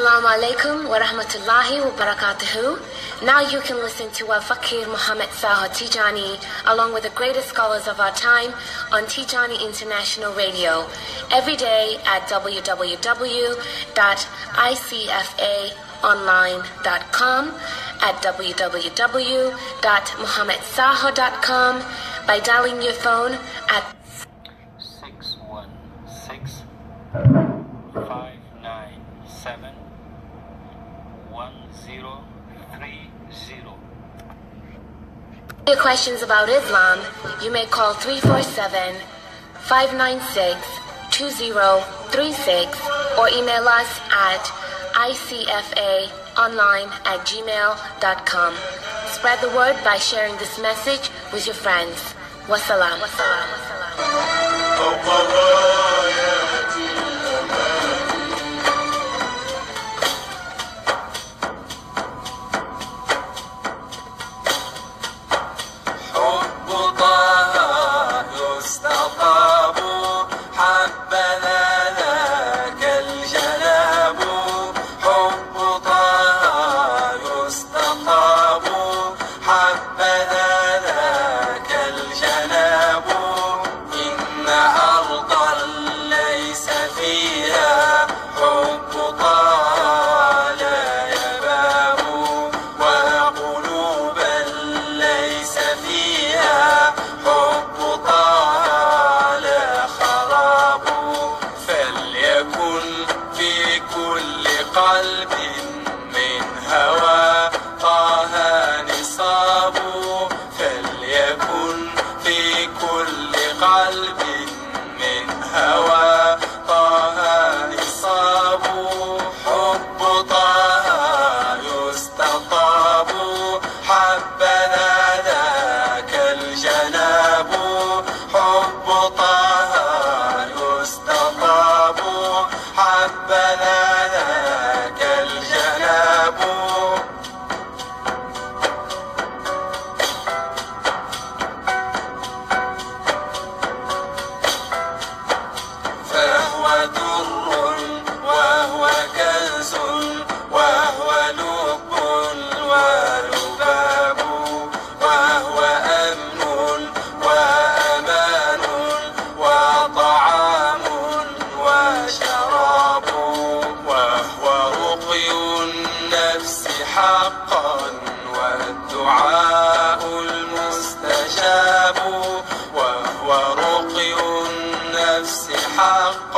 Assalamu alaikum wa rahmatullahi wa barakatuhu. Now you can listen to our Fakir Muhammad Saha Tijani along with the greatest scholars of our time on Tijani International Radio every day at www.icfaonline.com, at www.muhammadsaha.com, by dialing your phone at 616 five nine seven Your questions about Islam, you may call 347 596 2036 or email us at icfaonline at gmail.com. Spread the word by sharing this message with your friends. Wassalam. Wassalam. Wassalam. وهو رقي النفس حق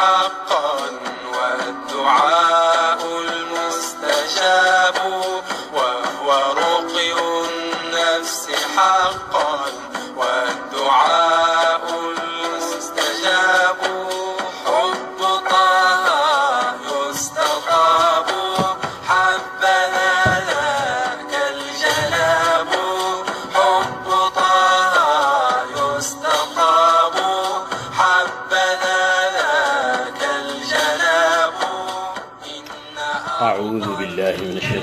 حقا والدعاء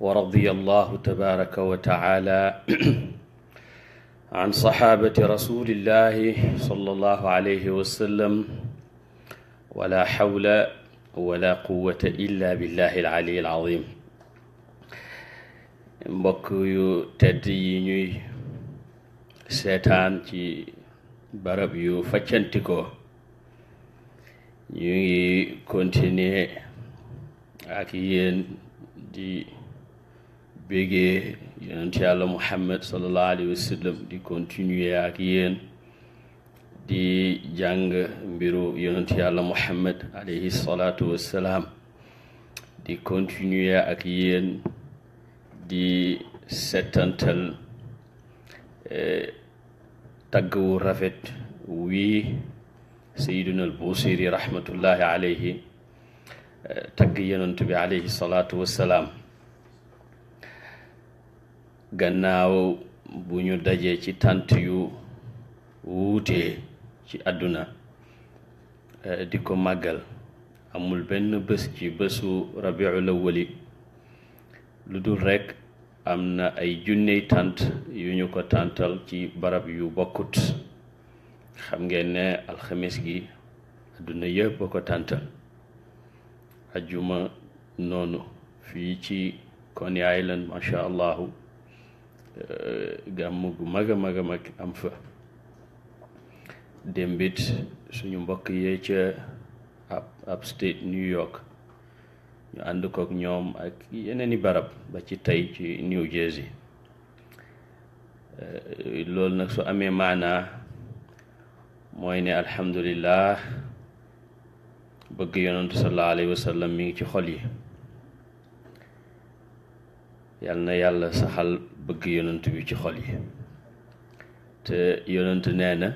wa radiya allahu tabaraka wa taala an saxaabati rasulillahi sallallahu alayhi wa sallam wala xawla wala quwwata illa billahi al-ali al-azim mbokk yu tedd yi ñuy seetaan ci barab yu faccantikoo ñu ngi continuer ak yéen di bégee yonent yàlla muhammad sallallahu alayhi wa sallam di continuer ak yéen di jàng mbiru yonent yàlla muhammad alayhi salaatu wassalaam di continuer ak yéen di settantal eh, tagg rafet wii sayyiduna al busiri rahmatullahi alayhi eh, tagg yonent bi alayhi salaatu wassalaam gannaaw bu ñu dajee ci tant yu wuute ci àdduna eh, di ko màggal amul benn bés ci bésu rabiul awwali lu dul rekk am na ay junney tant yu ñu ko tàntal ci barab yu bokkut xam ngeen ne alxamis gi àdduna yëpp a ko tàntal ajjuma noonu fii ci Coney Island macha allahu Euh, gàmm gu mag a mag a mag am fa démbit suñu mbokk yee ca ab ab state New York ñu ànd kook ñoom ak yeneeni barab ba ci tey ci New Jersey euh, loolu nag su amee maanaa mooy ne alhamdulillah bëgg yonantu sallallahu alayhi wa mi ngi ci xol yi yal na yàlla saxal bëgg yonent bi ci xol yi te yonent nee na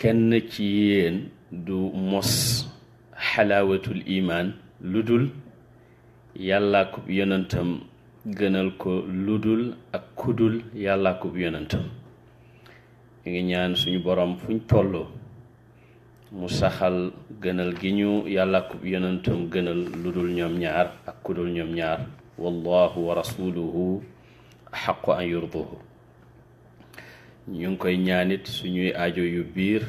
kenn ci yéen du mos xalaawatul imaan lu dul yàllaa ko yonentam gënal ko lu dul ak kudul yàllaa ko yonentam ñu ngi ñaan suñu borom fuñ tolloo mu saxal gënal gi ñu yàllaa ko yonentam gënal lu dul ñoom ñaar ak kudul ñoom ñaar wallahu wa rasuluhu xaqu an yurduhu ñu ngi koy ñaanit suñuy ajo yu biir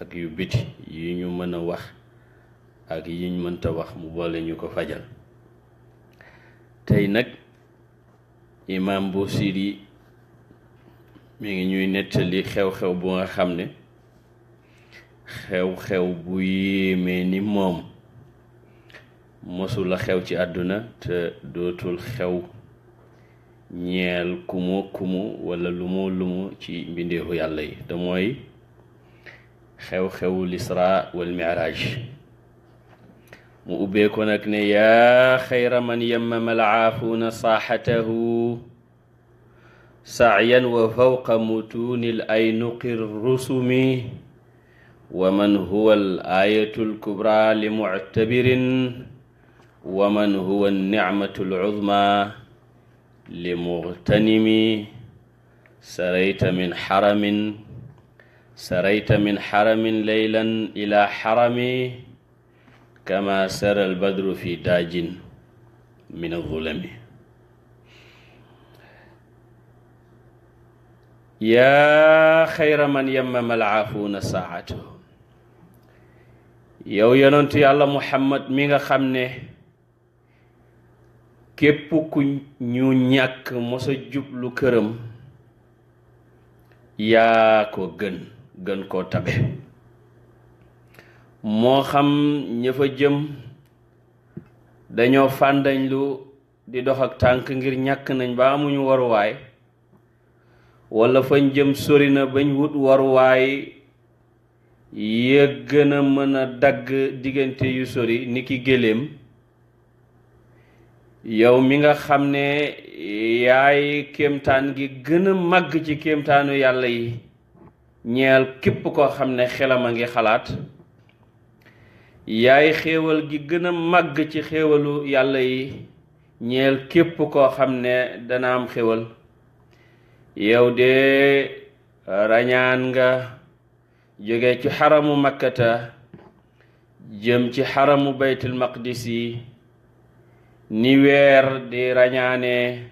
ak yu biti yi ñu mën a wax ak yi ñu mënta wax mu boole ñu ko fajal tey nag imaam Busiri mi ngi ñuy nettali xew-xew bu nga xam ne xew-xew bu yéemee ni moom mosula xew ci àdduna te dootul xew ñeel kumu kumu wala lumu lumu ci mbindeefu yàlla yi te mooy xew-xewu lisra wal miraaj mu ubbee ko nag ne yaa xayra man yemmama alcaafuuna saaxatahu sacyan wa fawqa mutuunil aynuqi rusumi wa man huwa al ayatul kubra li muctabirin wa man huwa nicmatu lcudma li mughtanimi sarayta min xaramin sarayta min xaramin leylan ila xarami kama sara albadru fi daajin min azulami yaa xayra man yammama alcaafuuna saacatahu yow yonentu yàlla muhammad mi nga xam ne képp ku ñu ñàkk mosa jublu këram yaa ko gën gën koo tabe moo xam ña fa jëm dañoo fàndañ lu di dox ak tànk ngir ñàkk nañ ba amuñu waruwaay walla fañ jëm sori na bañ wut waruwaay ya gën a mën a dagg diggante yu sori ni ki géléem yow mi nga xam ne yaay kéemtaan gi gëna a màgg ci kéemtaanu yàlla yi ñeel képp koo xam ne xelam a ngi xalaat yaay xéewal gi gën a màgg ci xéewalu yàlla yi ñeel képp koo xam ne dana am xéewal yow de rañaan nga jóge ci xaramu makkata jëm ci xaramu baytul maqdis yi ni weer di rañaane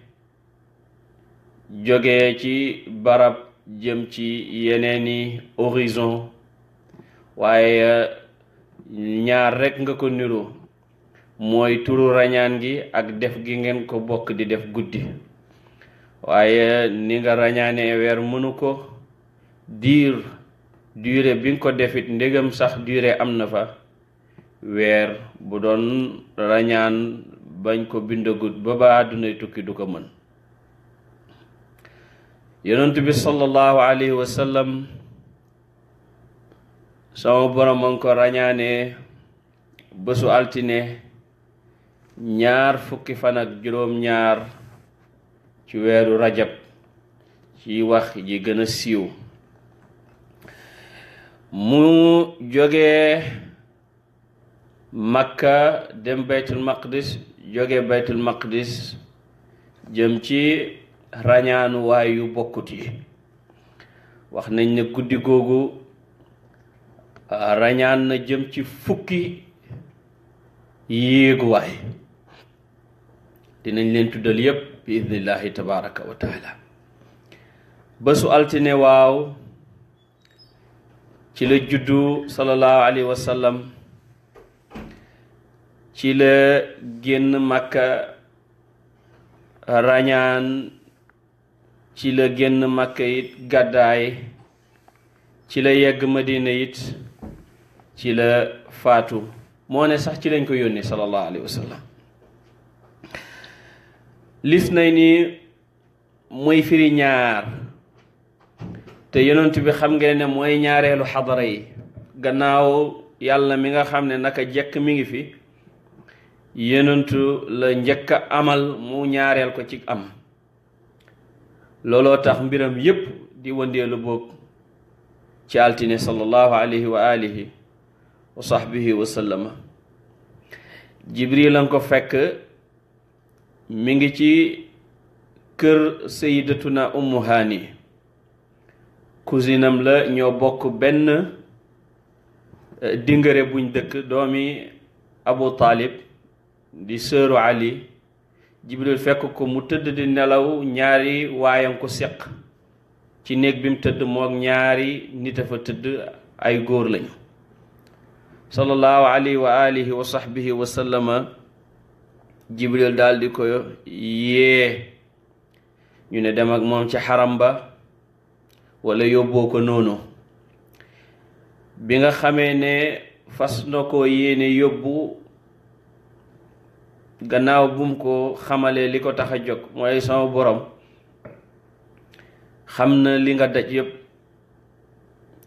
jóge ci barab jëm ci yeneeni horizon waaye ñaar rekk nga ko niru mooy turu rañaan gi ak def gi ngeen ko bokk di def guddi waaye ni nga rañaane weer mënu ko diir durée bi nga ko defit ndégam sax durée am na fa weer bu doon rañaan bañ ko bindagut ba ba àddunay tukki du ko mën yonent bi sallallahu alayhi wa sama borom ko ràññaanee bésu altine ñaar fukki fan ak juróom-ñaar ci weeru rajab ci wax ji gën a siiw mu jógee makka dem baytul maqdis jóge baytul maqdis jëm ci rañaanuwaay yu bokkut yi wax nañ ne guddi googu rañaan na jëm ci fukki yéeguwaay dinañ leen tuddal yépp bi idnillahi tabaraka wa taala bésu altine waaw ci la juddu sallallahu alayhi wa ci la génn màkka rañaan ci la génn màkka it gàddaay ci la yegg madina it ci la faatu moo ne sax ci lañ ko yónnee sallallahu alayhi wa lis nañ ni mooy firi ñaar te yonent bi xam ngeen ne mooy ñaareelu xadara yi gannaaw yàlla mi nga xam ne naka jekk mi ngi fi yenentu la njëkk a amal mu ñaareel ko ci am looloo tax mbiram yépp di wëndeelu boog ci altine sallallahu alayhi wa alihi wa sahbihi wa sallama ko fekk mu ngi ci kër sayidatuna ummu haani cousinam la ñoo bokk benn eh, dingare buñ dëkk doomi abu taalib di sëru ali jibril fekk ko mu tëdd di nelaw ñaari waayam ko seq ci néeg bi mu tëdd mook ñaari nit a fa tëdd ay góor lañu sallallahu alayhi wa alihi wa sahbihi wa sallama jibril ko yee ñu ne dem ak moom ci xaram ba walla yóbboo ko noonu bi nga xamee ne fas na ko yéene yóbbu gannaaw bum ko xamalee li ko tax a jóg mooy sama boroom xam na li nga daj yépp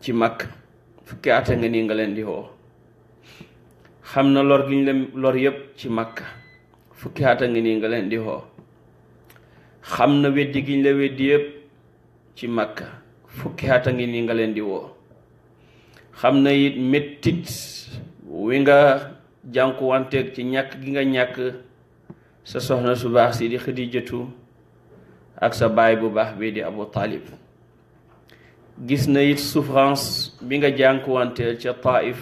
ci màkk fukki at a nga nii nga leen di woo xam na lor gi ci màkk fukki at a nga nii nga leen di woo xam na weddi gi ñu la weddi yépp ci màkk fukki at a ngi nii nga leen di woo xam na it mettit wi nga jànq wanteeg ci ñàkk gi nga ñàkk sa soxna su baax si di xadijatu ak sa baay bu baax bii di abu taalib gis na it souffrance bi nga jànku wanteel ca taif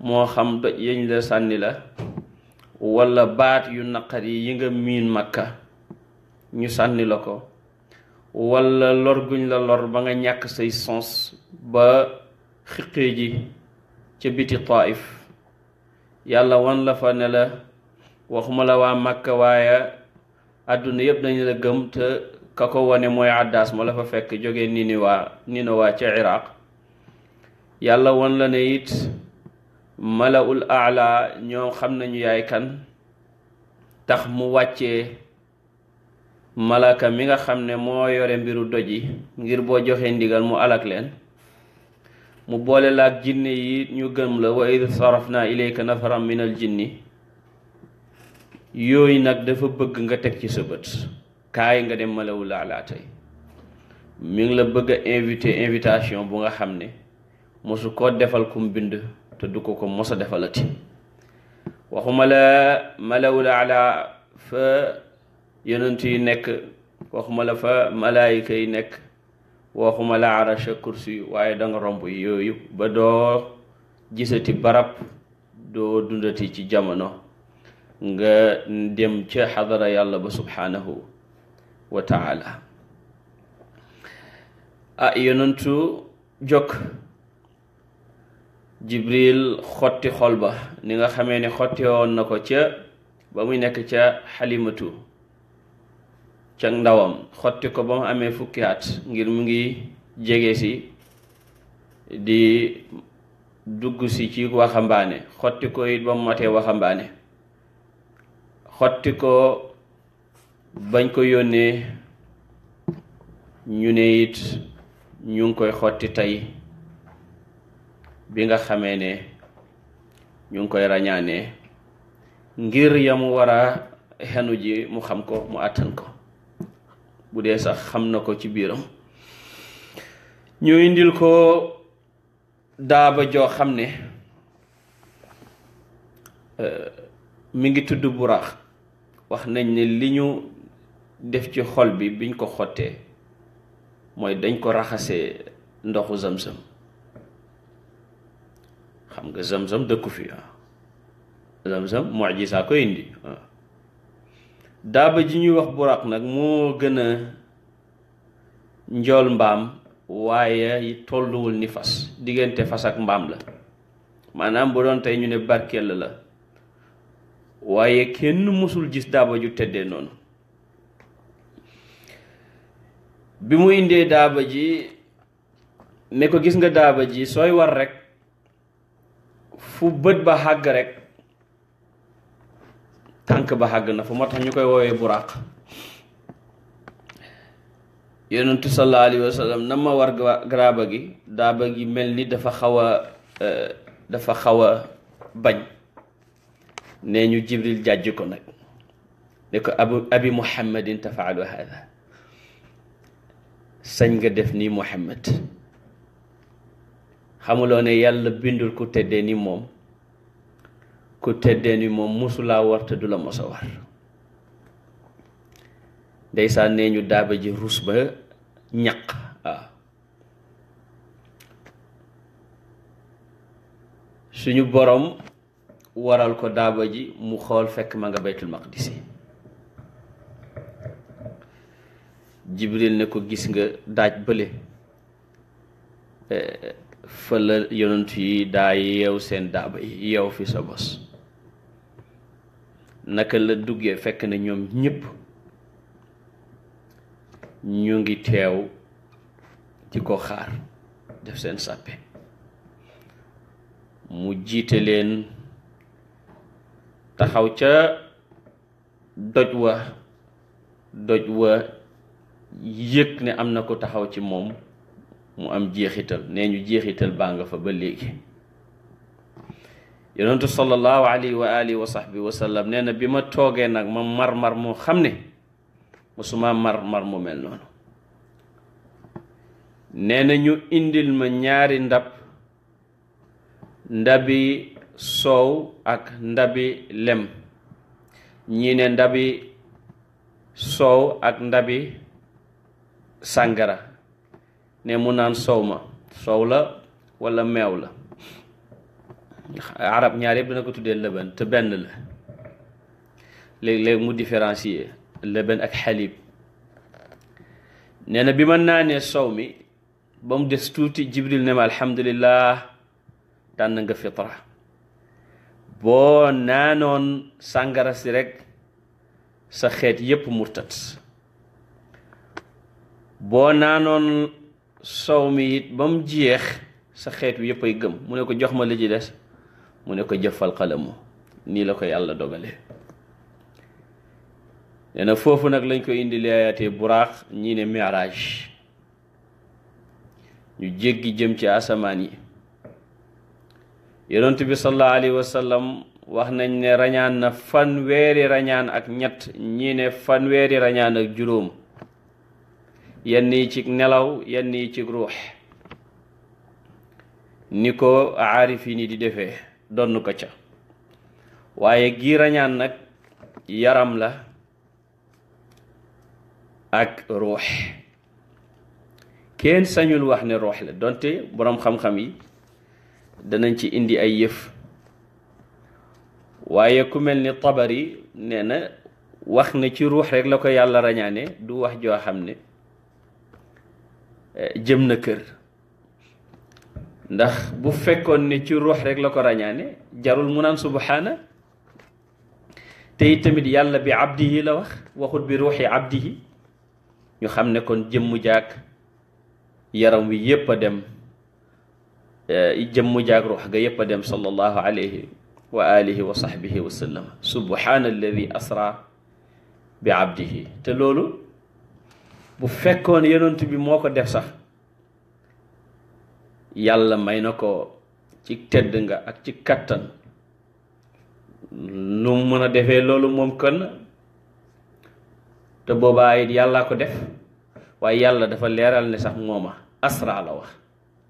moo xam doj yañ la sànni la walla baat yu naqar yi yi nga miin makka ñu sànni la ko walla lor guñ la lor ba nga ñàkk say sens ba xiqee ji ca biti taif yàlla wan la fa ne la waxuma la waa màkka waaye àdduna yëpp dañu la gëm te ka ko wane mooy àddaas ma la fa fekk jóge Niniwaa Niniwaa ca Iraq yàlla wan la ne it malaul aala ñoom xam nañu yaay kan tax mu wàccee malaka mi nga xam ne moo yore mbiru doj yi ngir boo joxee ndigal mu alak leen mu boole laak jinne yi ñu gëm la wa id sarafna ilayka nafaram min al jinni yooyu nag dafa bëgg nga teg ci sa bët kaay nga dem malawul alaa tey mi ngi la bëgg a invité invitation bu nga xam ne mosu koo defal kum bind te du ko ko mos a defalati waxuma la malawul alaa fa yonent yi nekk waxuma la fa malaayika yi nekk waxuma la arasha kursi waaye da romb yooyu ba doo gisati barab doo dundati ci jamono nga dem ca xadara yàlla ba subhaanahu wa taala ah yonentu jokk jibril xotti xol ba ni nga xamee ni xotti na ko ca ba muy nekk ca xalimatu ca ndawam xotti ko ba mu amee fukki at ngir mu ngi jege si di dugg si ci waxambaane xotti ko it ba mu matee waxambaane xotti ko bañ ko yónnee ñu ne it ñu ngi koy xotti tey bi nga xamee ne ñu ngi koy rañaanee ngir yamu war a xenu ji mu xam ko mu àttan ko bu dee sax xam na ko ci biiram ñu indil ko daaba joo xam ne euh, mi ngi tudd buraax wax nañ ni li ñu def ci xol bi biñ ko xottee mooy dañ ko raxasee ndoxu zamzam xam nga sëm sëm dëkku fi ah zamzam saa ko indi ah. daaba ji ñuy wax buraq nag moo gën a njool mbaam waaye tolluwul ni fas diggante fas ak mbaam la maanaam bu doon tey ñu ne barkeel la waaye kenn mësul gis daaba ju tëddee noonu bi mu indee daaba ji ne ko gis nga daaba ji sooy war rekk fu bët ba xagg rekk tànk ba xàgg na fa moo tax ñu koy woowee buraq yonentu sallallahu alayhi wa sallam na ma war garaaba gi daaba gi mel ni dafa xaw a euh, dafa xaw a bañ nee ñu jibril jàjj ko nag ne ko abu abi muhammadin tafaalu hada sañ nga def nii muhammad xamuloo ne yàlla bindul ku teddee ni moom ku teddee ni moom mosulaa war du la mos a war ndeysaan nee ñu daaba ji ruus ba ñaq waaw suñu borom waral ko daaba ji mu xool fekk ma nga baytul maqdis jibril ne ko gis nga daaj bële eh, fa la yi daa yeew seen daaba yi yeew fi sa bos naka la duggee fekk na ñoom ñëpp ñu ngi teew ci ko xaar def seen sàppe mu jiite leen taxaw ca doj wa doj wa yëg ne am na ko taxaw ci moom mu am jeexital nee ñu jeexital baa nga fa ba léegi yonentu sallallahu alayhi wa alihi wa sahbi wa sallam nee na bi ma toogee nag ma mar-mar moo xam ne musuma mar-mar mu mel noonu nee na ñu indil ma ñaari ndab ndabi soow ak ndabi lem ñii ne ndabi soow ak ndabi sàngara ne mu naan soow ma soow la walla meew la arab ñaar yëpp dana ko tuddee leben te benn la léeg-léeg mu différencier lëban ak xalib nee na bi ma naanee sow mi ba mu des tuuti jibril ne ma alhamdulillah daan nga fitra boo naanoon sàngara si rek sa xeet yépp murtat boo naanoon sow mi it ba mu jeex sa xeet wi yépp ay gëm mu ne ko jox ma li ci des mu ne ko jëfal xalamu nii la ko yàlla dogale nee foofu nag lañ ko indi laayaatee buraax ñii ne miraaj ñu jéggi jëm ci asamaan yi yonent bi sallallahu alayhi wa wax nañ ne rañaan na fanweeri rañaan ak ñett ñii ne fanweeri rañaan ak juróom yenn yi ci nelaw yenn yi ci ruux ni ko aarif yi ni di defee donn ko ca waaye rañaan nag yaram la ak ruux kenn sañul wax ne ruux la donte boroom xam-xam yi danañ ci indi ay yëf waaye ku mel ni tabari nee na wax ne ci ruux rek la ko yàlla rañaane du wax joo xam ne eh, jëm na kër ndax bu fekkoon ne ci ruux rek la ko ràññaane jarul mu naan subhaana te tamit yàlla bi abdihi la wax waxut bi ruuxi abdihi ñu xam ne kon jëmmu jaag yaram wi yépp a dem eh, jëmmu jaag ruux ga yépp dem sallallahu alayhi wa alihi wa sahbihi wa sallam subhaana alladi asra bi abdihi te loolu bu fekkoon yonent bi moo ko def sax yàlla may na ko ci tedd nga ak ci kàttan nu mu mën a defee loolu moom kën te boobaa it yàllaa ko def waaye yàlla dafa leeral ne sax mooma asra la wax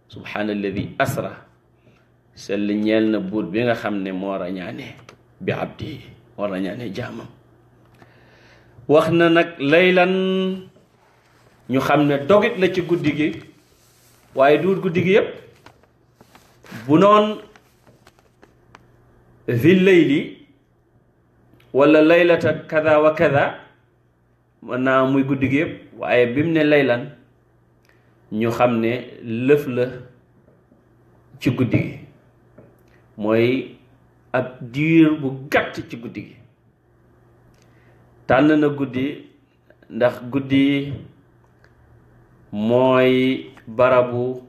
subhaanalladi asra sell ñeel na buur bi nga xam ne moo rañaane bi abdi moo rañaane jaamam wax na nag laylan ñu xam ne dogit la ci guddi gi waaye duut guddi gi yépp bu noon vi layli wala laylata kada wa kada mën naa muy guddi gi yépp waaye bi mu ne laylan ñu xam ne lëf la ci guddi gi mooy ab diir bu gàtt ci guddi gi tànn na guddi ndax guddi mooy barabu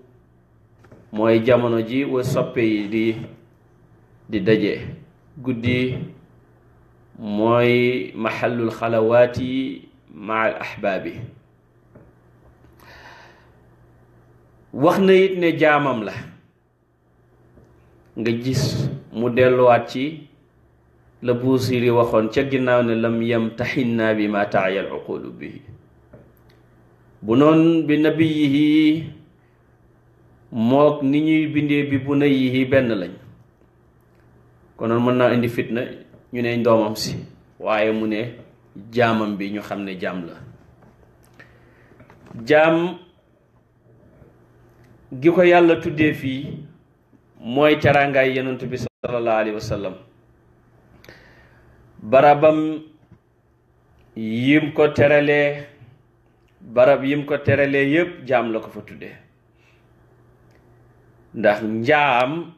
mooy jamono ji wa soppe yi di di daje guddi mooy maxallul xalawaati ma al ahbaabi wax na it ne jaamam la nga gis mu delluwaat ci la Buusiri waxoon ca ginnaaw ne lam yamtaxinnaa bi ma taaya al uqulu bu noon bi nabiyihi mook ni ñuy bindee bi bu na yihi benn lañ konoon mën naa indi fitna ñu ne doomam si waaye mu ne jaamam bi ñu xam ne jaam la jaam gi ko yàlla tuddee fii mooy teraangaay yonent bi sallallahu alayhi wa sallam barabam yim ko teralee barab yim ko teralee yépp jaam la ko fa tuddee ndax njaam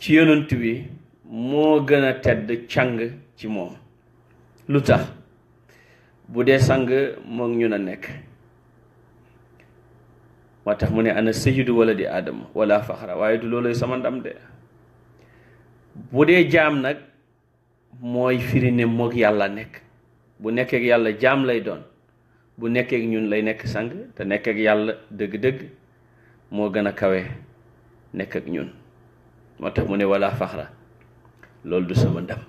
ci yonent wi moo gën a tedd càng ci moom lu tax bu dee sang moog ñun a nekk moo tax mu ne ana sayyidu walla di aadama wala faxra waaye du looloy sama ndam de bu dee jaam nag mooy firi ne yàlla nekk bu nekkeek yàlla jaam lay doon bu nekkee ñun lay nekk sang te nekk ak yàlla dëgg-dëgg moo gën a kawe nekk ak ñun moo tax mu ne wala faxra loolu du sama ndam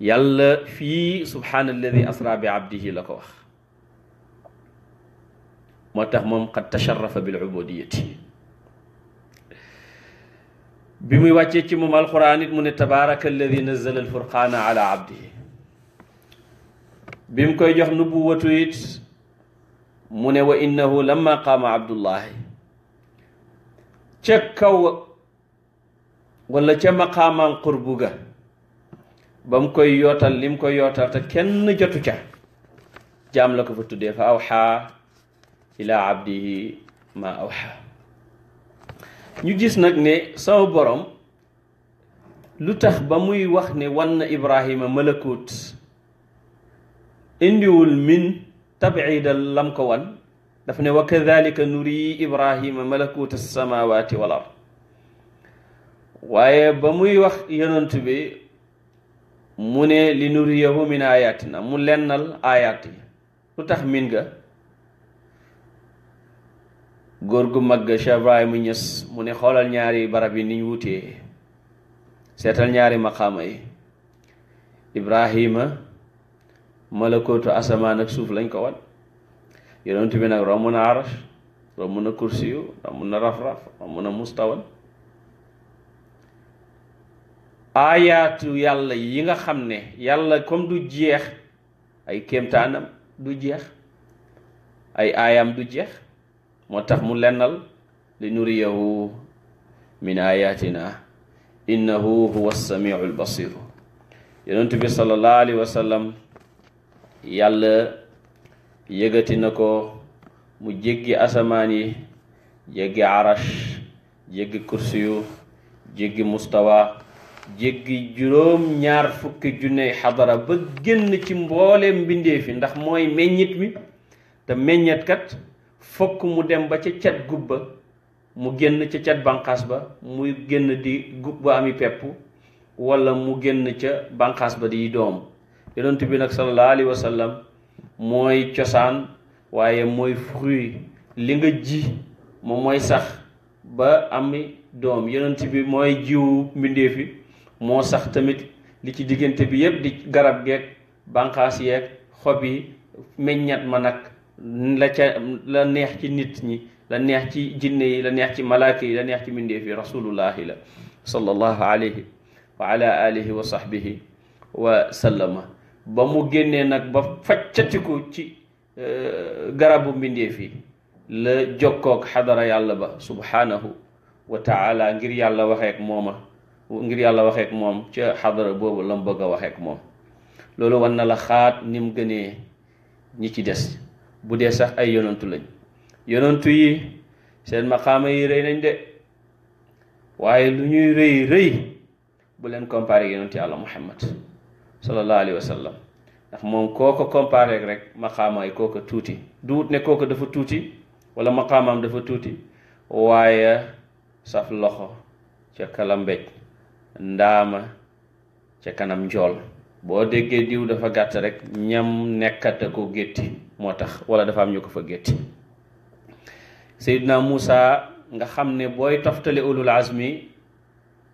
yàlla fii subhaanalladi asra bi abdihi la ko wax moo tax moom qad tasharafa bil ubudiyati bi muy wàccee ci moom alquran it mu ne tabaraka alladi nazala alfurqaana ala abdihi bi mu koy jox nubuwatu it mu ne wa innahu lamma qaama abdullahi ca kaw walla ca maqaamaan qurbu ga ba mu koy yootal li mu koy yootal te kenn jotu ca jaam la ko fa tuddee fa awxaa ilaa abdihi ma awxaa ñu gis nag ne sama borom lu tax ba muy wax ne wan na ibrahima malakut indiwul min tabidal lam ko wan daf ne wa kadalika nuri ibrahima malakuta samawati wal ard waaye ba muy wax yonent bi mu ne li nuriyahu min ayatina mu lennal ayat lu tax miin ga góor gu mag Cheikh Ibrahima Niass mu ne xoolal ñaari barab yi niñ wutee seetal ñaari maqaama yi ibrahima malakootu asamaan ak suuf lañ ko wan yonent bi nag romb na arash romb na kursiyu mustawan aayaatu yàlla yi nga xam ne yàlla comme du jeex ay kéemtaanam du jeex ay aayam du jeex moo tax mu lennal li nuriyahu min ayatina innahu huwa samiu albasiru yonent bi sallallahu alayhi wa yàlla yëgati na ko mu jéggi asamaan yi jéggi arash jéggi kursiyu jéggi mustawa jéggi juróom ñaar fukki junney xadara ba génn ci mbooleem mbindeef yi ndax mooy meññit mi te meññet fokk mu dem ba ca cat gubba mu génn ca cat banqaas ba muy génn di gub ba ami pepp walla mu génn ca banqaas ba di doom yonent bi nag sallallahu alayhi wa sallam mooy cosaan waaye mooy fruit li nga ji moom mooy sax ba am doom yonent bi mooy jiw mbindeef moo sax tamit li ci diggante bi yépp di garab geeg banqaas yeeg xob yi meññat ma nag la ca la neex ci nit ñi la neex ci jinne yi la neex ci malaaka yi la neex ci mbindeef yi rasulullahi ba mu génnee nag ba faccatiku ci euh, garabu mbindeef yi la jokkook xadara yàlla ba subhaanahu wa taala ngir yàlla waxeek mooma ngir yàlla waxeek moom ca xadara boobu la mu bëgg a waxeek moom loolu wan na la xaat ni mu gënee ñi ci des bu dee sax ay yonantu lañ yonantu yi seen maqaama yi rëy nañ de waaye lu ñuy rëy rëy bu leen comparé yonantu yàlla muhammad sallallahu alayhi wa ndax moom koo ko comparé rek maqaamaay kooka tuuti duut ne kooka dafa tuuti wala maqaamaam dafa tuuti waaye saf loxo ca kalambej ndaama ca kanam njool boo déggee diw dafa gàtt rek ñam nekkata ko gétti moo tax wala dafa am ñu ko fa gétti Seydina Muusa nga xam ne booy toftale ulul azmi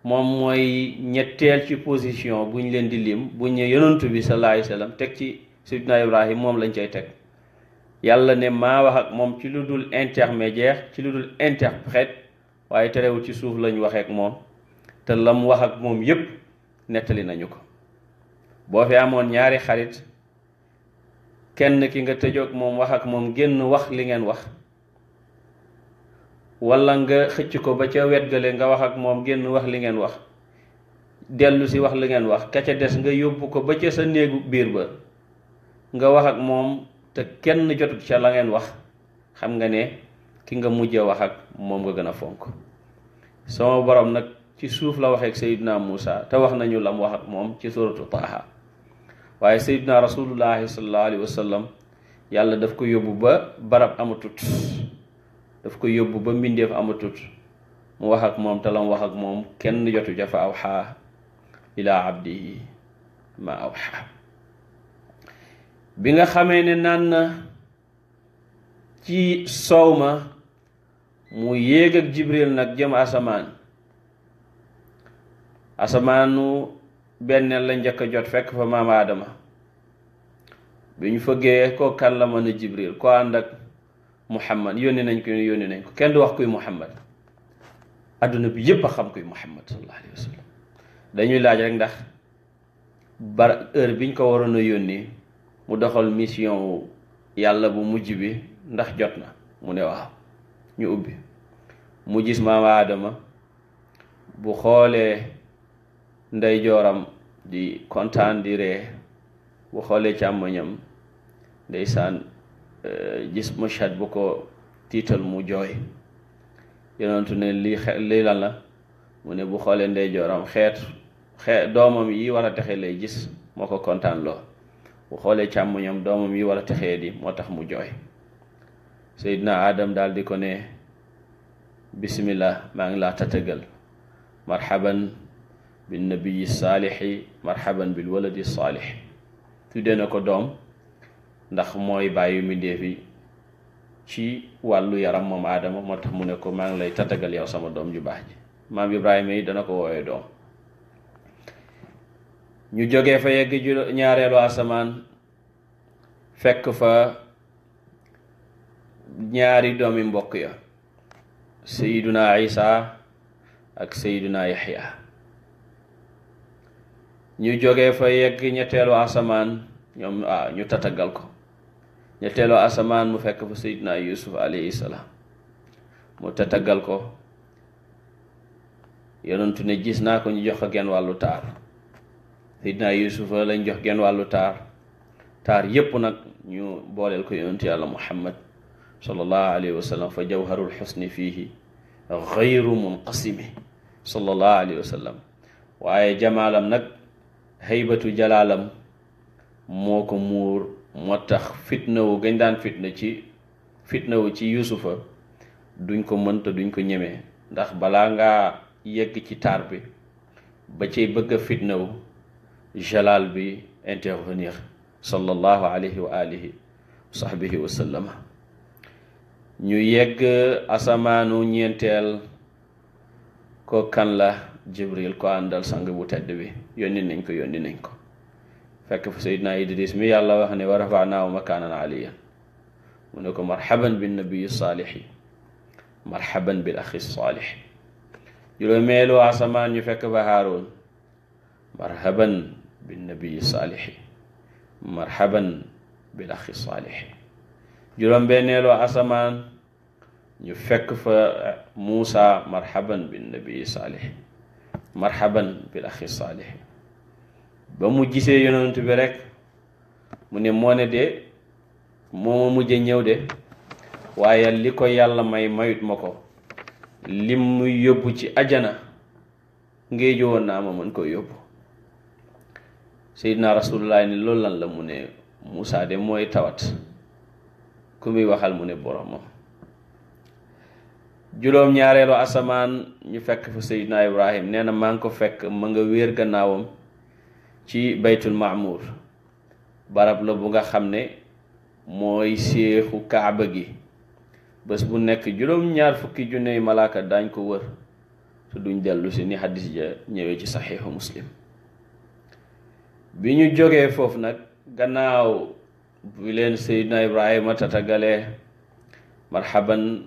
moom mooy ñetteel ci position buñ leen di lim bu ne yonantu bi sallallahu alayhi wasallam teg ci sayyidina ibrahim moom lañ cay teg yàlla ne maa wax ak moom ci lu dul jeex ci lu dul interprète waaye terewul ci suuf lañ waxee ak moom te la mu wax ak moom yépp nettali nañu ko boo fi amoon ñaari xarit kenn ki nga tëjoog moom wax ak moom génn wax li ngeen wax walla nga xëcc ko ba ca wet gale nga wax ak moom génn wax li ngeen wax dellu si wax li ngeen wax ka ca des nga yóbbu ko ba ca sa néegu biir ba nga wax ak moom te kenn jotut ca la ngeen wax xam nga ne ki nga mujje wax ak moom nga gën a fonk sama borom nag ci suuf la waxee ak Seydina Muusa te wax nañu lam wax ak moom ci suratu Taaha waaye Seydina rasulullahi sallallahu alayhi wa yàlla daf ko yóbbu ba barab amatut daf ko yóbbu ba mbindeef amatut mu wax ak moom te lam wax ak moom kenn jotu jafa aw xaa ilaa abdihi ma aw xaa bi nga xamee ne naan na ci soow ma mu yéeg ak jibril nag jëm asamaan asamaanu benn la njëkk jot fekk fa maam aadama bi ñu fëggee ko kan la mën a jibril ko ànd ak muhammad yónni nañ ko yónni nañ ko kenn du wax kuy muhammad àdduna bi yépp a xam kuy muhammad sallallahu alayhi wa sallam dañuy laaj rek ndax bar heure biñ ko waroon a yónni mu doxal mission wu yàlla bu mujj bi ndax jot na mu ne waaw ñu ubbi mu gis maama aadama bu xoolee ndeyjooram di kontaan di ree bu xoolee càmmoñam ndeysaan Euh, gis mushad bu ko tiital mu jooy yonentu ne lii xe la mu ne bu xoolee ndeyjooram xeet xeet doomam yi war a texe lay gis moo ko kontaan loo bu xoolee càmmoñam doomam yi war a texee di moo tax mu jooy Seydina Adam daal di ko ne bismillah maa ngi laa tatagal marhaban bin nabiyi saalixi marhaban bil waladi saalix tuddee na ko doom ndax mooy bàyyi mbindéef yi ci wàllu yaram moom aadama moo tax mu ne ko maa ngi lay tatagal yow sama doom ju baax ji maam ibrahima yi dana ko woowee doom ñu jógee fa yegg ju ñaareelu asamaan fekk fa ñaari doomi mbokk ya sayiduna isa ak sayiduna yaxya ñu jógee fa yegg ñetteelu asamaan ñoom waaw ah, ñu tatagal ko ñetteeloo asamaan mu fekk fa seydina yusuf alayhi salaam mu tatagal ko yonentu ne gis naa ko ñu jox ko genn wàllu taar seydina yusufa lañ jox genn wàllu taar taar yépp nag ñu booleel ko yonentu yàlla muhammad sallallahu alayhi wa sallam fa jawharul xusni fiihi xayru munqasimi sallallahu alayhi wa waaye jamaalam nag haybatu jalaalam moo ko muur moo tax fitnawu wu gañ daan fitna ci fitnawu ci yuusufa duñ ko mën te duñ ko ñemee ndax balaa ngaa yegg ci taar bi ba cay bëgg a fitna jalaal bi intervenir sallallahu alayhi wa alihi wa sahbihi ñu yegg asamaanu ñeenteel ko kan la jibril ko àndal sang bu tedd bi yónni nañ ko yónni nañ ko fekk fa saydna idris mi yàlla wax ne wa rafanaahu makaanan aliyan mu ne ko marhaban bin nabiyi saalixi marhaban bil axi saalix juróomeelu asamaan ñu fekk fa haaroon marhaban bin nabiyi saalixi marhaban bil axi saalixi juróom-benneelu asamaan ñu fekk fa muusa marhaban bin nabiyi saalixi marhaban bil axi saalixi ba mu gisee yonent bi rek mu ne moo ne de moo ma mujje ñëw de waaye li ko yàlla may mayut ma ko lim mu yóbbu ci ajana ngéej woon naa ma mën koo yóbbu seydina rasulullah ni loolu lan la mu ne Moussa de mooy tawat ku muy waxal mu ne boromam juróom-ñaareelu asamaan ñu fekk fa seydina ibrahim nee na maa ngi ko fekk ma nga wéer gannaawam ci baytul maamur barab la bu nga xam ne mooy séexu kaaba gi bés bu nekk juróom-ñaar fukki junney malaaka daañ ko wër te duñ dellu si ni xaddis ja ñëwee ci saxiixu muslim bi ñu jógee foofu nag gannaaw bi leen seydina ibrahima tatagalee marxaban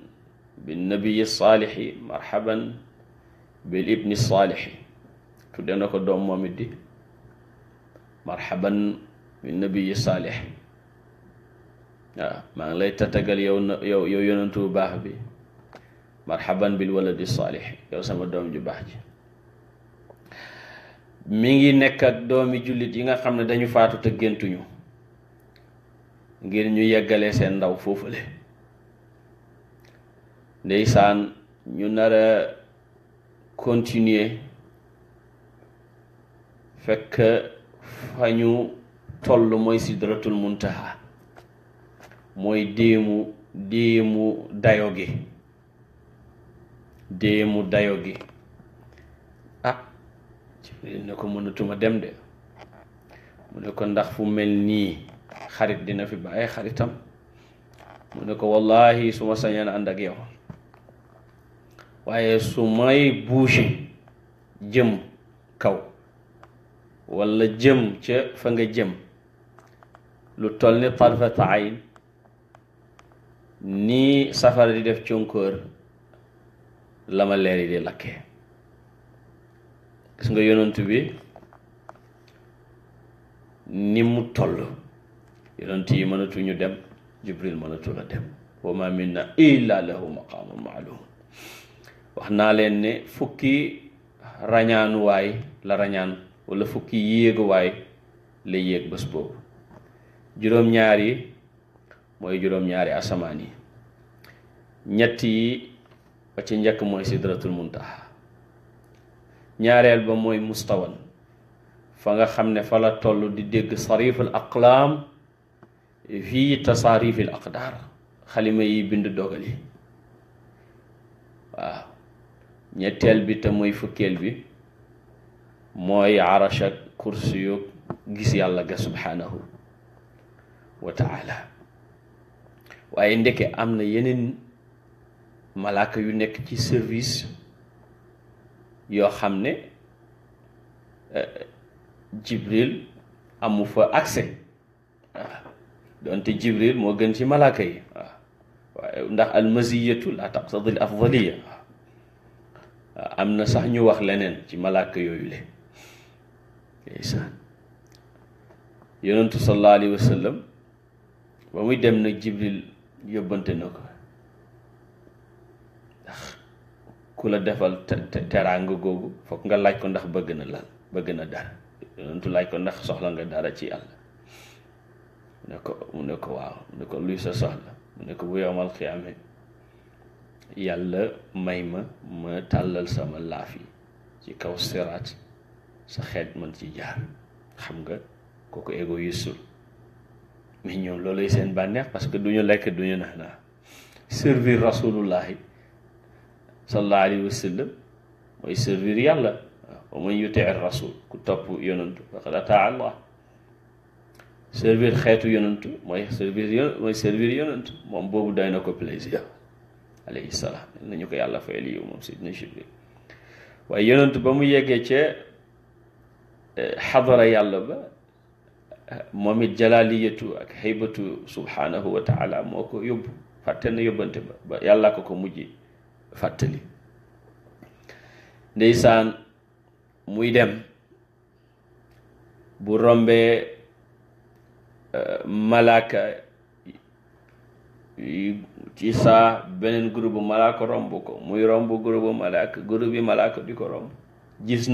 bil nabiyi saalixi marxaban bil ibni saalixi tudde na ko doom moom it di marhaban bi nabiyi saalih waaw maa ngi lay tatagal yow na yow yow baax bi marhaban bil waladi saalih yow sama doom ju baax ji mi ngi nekk ak doomi jullit yi nga xam ne dañu faatu te géntuñu ngir ñu yeggalee seen ndaw foofule ndeysaan ñu nar continuer fekk fa ñu toll mooy sidratul muntaha mooy déemu déemu dayo gi déemu dayo gi ah jibril ne ko mënatuma dem de mu ne ko ndax fu mel nii xarit dina fi bàyyi xaritam mu ne ko wallahi su ma sañoon ak yow waaye su may bouché jëm kaw walla jëm ca fa nga jëm lu toll ni tarfata ayn nii safara di def conkóor lama leer yi di lakke gis nga yonent bi ni mu toll yonent yi mënatuñu dem jibril mënatu la dem wa minna illa lahu maqaamun maalum wax naa leen ne fukki rañaanuwaay la rañaan wala fukki yéeguwaay la yéeg bés boobu juróom-ñaar yi mooy juróom-ñaari asamaan yi ñett yi ba ci njëkk mooy sidratul muntaha ñaareel ba mooy mustawan fa nga xam ne fa la toll di dégg sariful aqlaam fii tasaarifil aqdaar xalima yi bind dogal yi waaw ñetteel bi te mooy fukkeel bi mooy arash ak kursi yu gis yàlla ga subhaanahu wa taala waaye ndeke am na yeneen malaaka yu nekk ci service yoo xam ne euh, jibril amu fa accès waaw doonte jibril moo gën ci malaaka yi waaw ndax almasiyatu la taqtadi al afdaliya waaw am na sax ñu wax leneen ci malaaka yooyu le ndeysaan yonentu sallallahu alayhi wa ba muy dem na jibril yóbbante na ko ndax ku la defal teraanga googu foog nga laaj ko ndax bëgg na lan bëgg na dara yonentu laaj ko ndax soxla nga dara ci yàlla mu ne ko mu ne ko waaw mu ne ko luy sa soxla mu ne ko bu yowmal xiyaame yàlla may ma ma tàllal sama laaf yi ci kaw siraat sa xeet mën ci jaar xam nga kooku égoïstul mais ñoom looluy seen bànneex parce que du ñu lekk du ñu naanaa servir rasulullahi sallallahu alayhi wa mooy servir yàlla waaw wa man yuti rasul ku topp yonantu faqad ataa allah servir xeetu yonantu mooy servir yon mooy servir yonantu moom boobu day na ko plaisir alayhi salaam nañu ko yàlla fayal yiw moom sidna Jibril waaye yonantu ba mu yeggee ca Eh, xadara yàlla ba moom it jalaaliyatu ak xaybatu subhaanahu moo ko yóbbu fàtte na yóbbante ba ba yàlla ko ko mujj fàttali ndeysaan muy dem bu rombe eh, malaaka ci saa beneen groupe malaaka romb ko muy romb groupe malaaka groupe bi di ko romb gis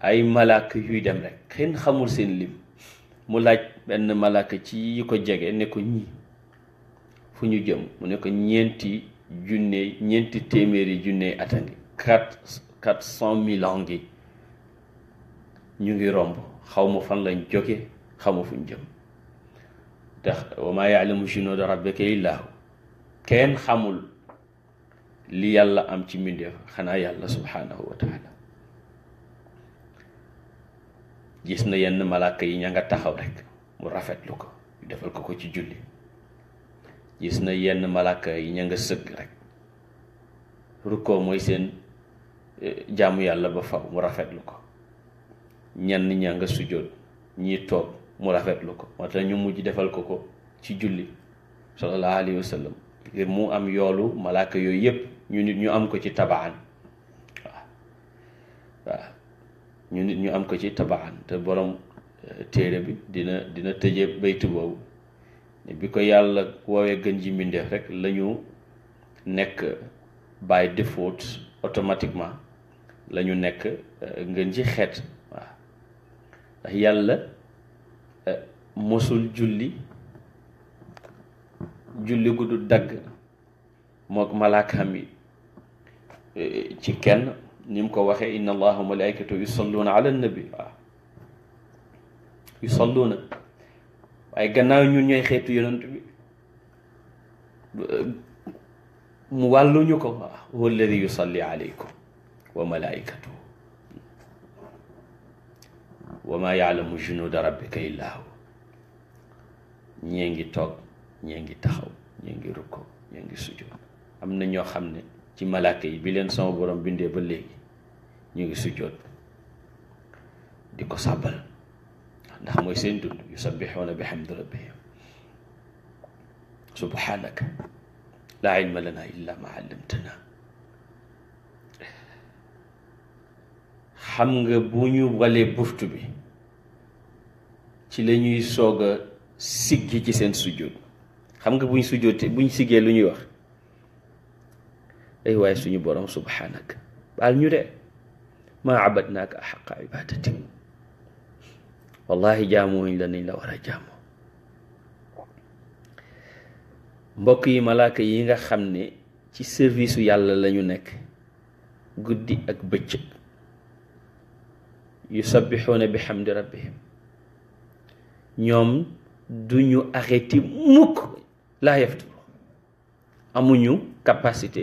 ay malaaka yuy dem rek xen xamul seen lim mu laaj benn malaaka ci yi ko jege ne ko ñi fu ñu jëm mu ne ko ñeenti junne ñeenti téeméeri junne at a ngi quatre quatre cent mille ans ngi ñu ngi romb xaw ma fan lañ jóge xaw ma fu ñu jëm tax wa maa yaalamu junuuda rabbika illaa hu kenn xamul li yàlla am ci mbindeef xanaa yàlla subhaanahu wa gis na yenn malaaka yi ña nga taxaw rek mu rafetlu ko defal ko ko ci julli gis na yenn malaaka yi ña nga sëgg rek rukkoo mooy seen eh, jaamu yàlla ba faw mu rafetlu ko ñenn ña nga sujjóot ñii toog mu rafetlu ko moo ñu mujj defal ko ko ci julli sallallahu alayhi wa ngir mu am yoolu malaaka yooyu yépp ñu nit ñu am ko ci tabaan waaw waaw ñu nit ñu am ko ci tabaan te boroom eh, téere bi dina dina tëje baytu boobu ne bi ko yàlla woowee gën ji mbindeef rek lañu nekk bay defoot automatiquement la ñu nekk eh, ngën ci xeet waaw ndax yàlla eh, mosul julli julli gu du dagg mook malaakaam yi ci kenn ni ko waxee inna allaha malaikatu yusalluuna ala nabi waaw yusalluuna waaye gannaaw ñu ñooy xeetu yonent bi mu wàlluñu ko waaw huwa alladi yusalli alaykum wa malaikatu wa ma yaalamu junuuda rabbika illa hu ñee ngi toog ñee ngi taxaw ñee ngi rukko ñee ngi am na ñoo xam ne ci malaaka yi bi leen sama borom bindee ba léegi ñu ngi sujjoot di ko sàbbal ndax mooy seen dund yusabbixuuna bi xamdi rabbihim subhaanaka laa ilma lana illa ma allamtana xam nga bu ñu walee buftu bi ci la ñuy soog a siggi ci seen sujjoot xam nga buñ sujjootee buñ siggee lu ñuy wax ay waaye suñu borom subhaanaka baal ñu de maa abadnaaka xaqa ibadatik wallahi la niñ a jaamoo mbokk yi malaaka yi nga xam ne ci service yàlla lañu nekk guddi ak bëccëg yusabbixuuna bi xamdi rabbihim ñoom duñu arrêté mukk laa amuñu capacité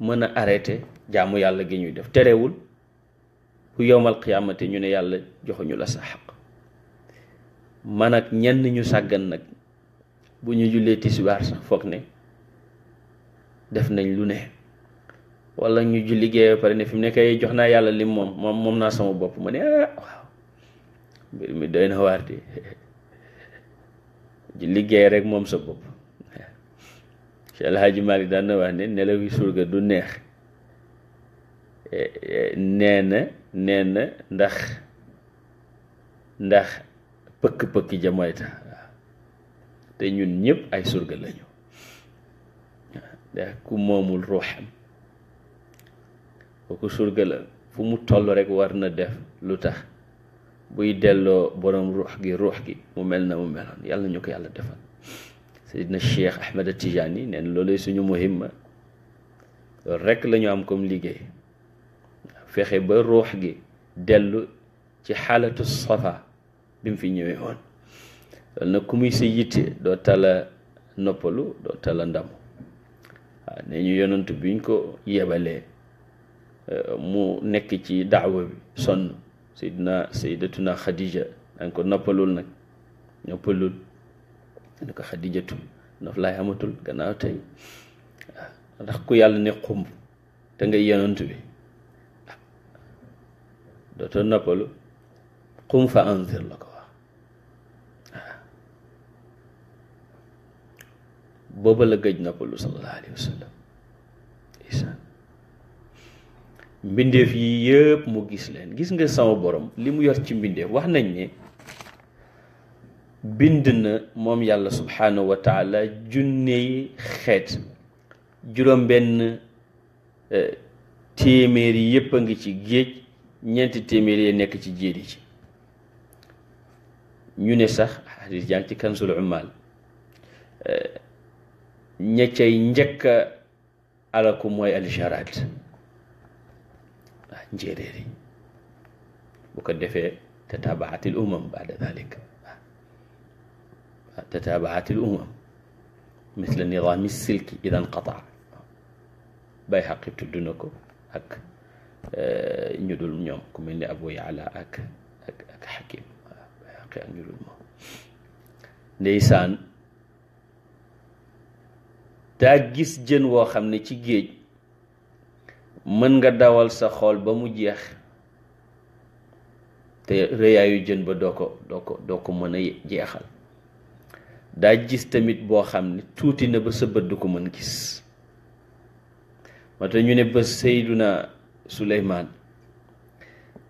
mën a arrêté jaamu yàlla gi ñuy def terewul bu yowmal qiyaamate ñu ne yàlla joxuñu la sa xaq man ak ñenn ñu sàggan nag bu ñu jullee tisbaar sax foog ne def nañ lu ne wala ñu julli gee pare ne fi mu nekk jox naa yàlla li moom moom moom naa sama bopp ma ne ah mbir mi doy na waar julli gee rek moom sa bopp Cheikh El Hadji daan na wax ne nelaw yi surga du neex eh, eh, nee neen na ndax ndax pëkk-pëkk ja mooy tax te ñun ñëpp ay surga lañu ndax ku moomul ruuxam kooku surga la fu mu toll rekk war na def lu tax buy delloo boroom ruux gi ruux gi mu mel na mu meloon yàlla ñu ko yàlla defal Seydina Cheikh Ahmed Tidiane yi neen loolu suñu muhimma loolu rek la am comme liggéey fexe ba roox gi dellu ci xaalatu safa bi mu fi ñëwee woon loolu nag ku muy sa yitte doo tala noppalu doo tala ndam waaw ne ñu yonent biñ ko yebalee euh, mu nekk ci daawa bi sonn sayduna saydatuna xadija danga ko noppalul nag noppalul ne ko xadijatu nof laay amatul gannaaw tey ndax ku yàlla ne xumb te nga yonent bi dootoo noppalu qum fa anzir la ko wax waaw booba la noppalu sallallahu alayhi mbindeef yi yëpp mu gis leen gis nga sama boroom li mu yor ci mbindeef wax nañ ne bind na moom yàlla subhaanahu wa taala junney xeet juróom benn eh, téeméeri yëpp a ngi ci géej ñeenti téeméer yi nekk ci jéeri ji ñu ne sax xadis jàng kansul umal eh, ña cay njëkk a alaku mooy ah, bu ko defee tataabaat al umam dalik waa ah, ah, tataabaat al umam misla nidaami silki bay xaqib tudd Euh, ñu dul ñoom ku mel ni Abu Yaala ak ak ak Hakim ak ñu dul moom ndeysaan daa gis jën woo xam ne ci géej mën nga dawal sa xool ba mu jeex te rëyaayu jën ba doo ko doo ko doo ko mën a jeexal daa gis tamit boo xam ne tuuti na ba sa bët du ko mën gis moo tax ñu ne ba Seyduna Suleymaan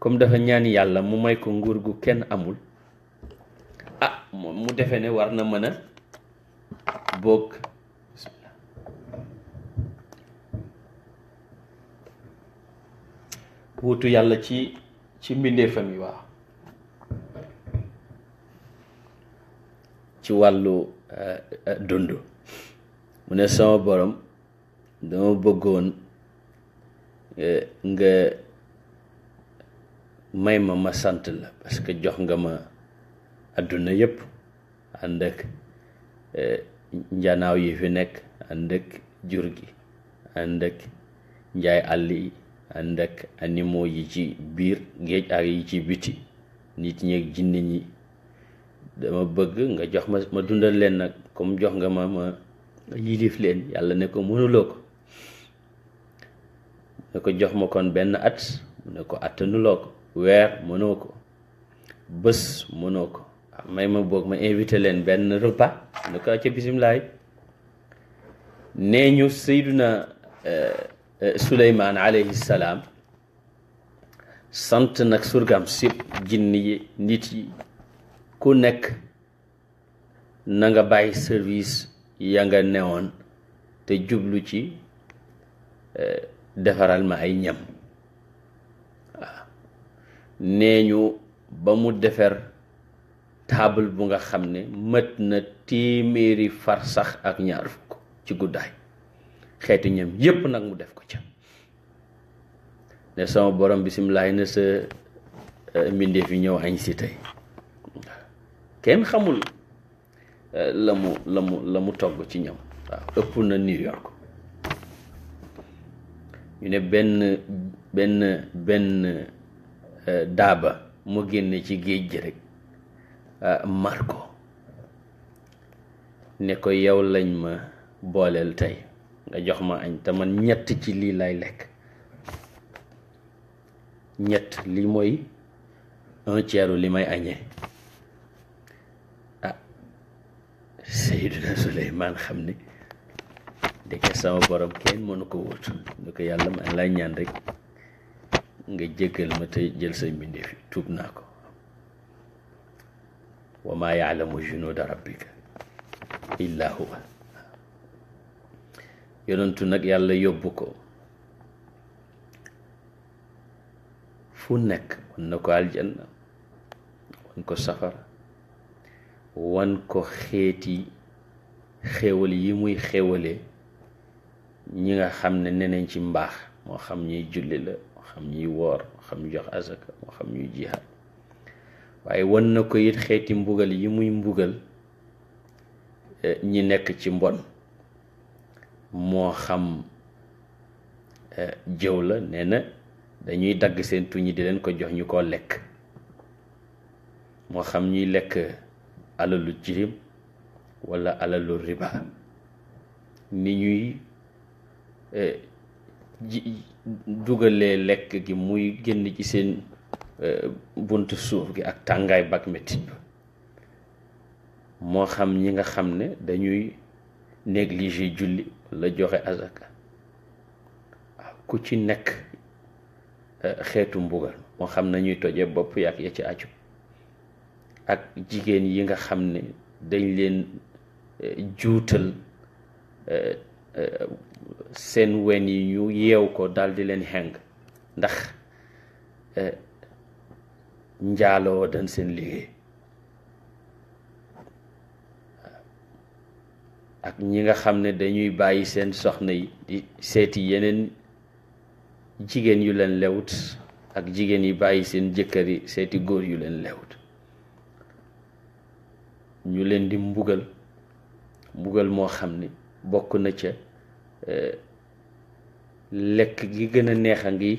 comme dafa ñaan yàlla mu may ko nguur gu kenn amul ah moom mu defee ne war na mën a wutu yàlla ci ci mbindeefam yi waaw ci wàllu eh, eh, dund mu ne sama borom dama bëggoon Eh, nga may ma ma sant la parce que jox nga ma àdduna yépp ànd ak eh, njanaaw yi fi nekk ànd ak jur gi ànd ak njaay àll yi ànd ak animaux yi ci biir géej ak yi ci biti nit ñi jinne ñi dama bëgg nga jox ma ma dundal leen nag comme jox nga ma ma yilif leen yàlla ne ko mënuloo ko ne ko jox ma kon benn at mu ne ko attanuloo ko weer mënoo ko bés mënoo ko ah, may ma boog ma invité leen benn repas ne ko ca bisimilaay nee ñu seyduna eh, eh, suleymaan alayhi salaam sant nag surgaam sëpp jinn yi nit yi ku nekk na nga bàyyi service ya nga newoon te jublu ci eh, defaral ma ay ñam waaw nee ñu ba mu defar taabal bu nga xam ne mët na far sax ak ñaar fukk ci guddaay xeetu ñam yépp nag mu def ko ca ne sama borom bisimilaay na sa eh, mbindeef yi ñëw añ si tey kenn xamul eh, la mu la mu la mu togg ci ñam waaw ëpp na New York ñu ne benn benn benn euh, daaba mu génne ci géej gi rek euh, ne ko yow lañ ma booleel tey nga jox ma añ te man ñett ci lii lay lekk ñett li mooy un li may añee ah Seydina Suleymaan xam ni ndeke sama borom kenn mënu ko wóot ni ko yàlla maa ngi lay ñaan rek nga jéggal ma te jël say mbindeef yi tuub naa ko wa maa yaalamu junuuda rabbika illa huwa yonentu nag yàlla yóbbu ko fu nekk wan na ko aljanna wan ko safara wan ko xeeti xéewal yi muy xéewalee ñi nga xam ne neneñ ci mbaax moo xam ñuy julli la moo xam ñuy woor moo xam ñuy jox azaka moo xam ñuy jihaad waaye wan na ko it xeeti mbugal yi muy mbugal eh, ñi nekk ci mbon moo xam eh, jëw la nee na dañuy dagg seen ñi di leen ko jox ñu koo lekk moo xam ñuy lekk alalu jirim walla alalu riba ni ñuy Euh, ji dugalee lekk gi muy génn ci seen euh, buntu suuf gi ak tàngaay bag métit ba moo xam ñi nga xam ne dañuy négliger julli la joxe azaka ku ci nekk euh, xeetu mbugal moo xam nañuy toje bopp yàq ya ci aju ak jigéen yi nga xam ne dañ leen juutal seen wen yi ñu yeew ko daldi leen xeng ndax eh, njaaloo dañ seen liggéey ak ñi nga xam ne dañuy bàyyi seen soxna yi di seeti yeneen jigéen yu leen lewut ak jigéen yi bàyyi seen jëkkër yi seeti góor yu leen lewut ñu leen di mbugal mbugal moo xam ne bokk na ca Euh, lekk gi gën a neex a ngi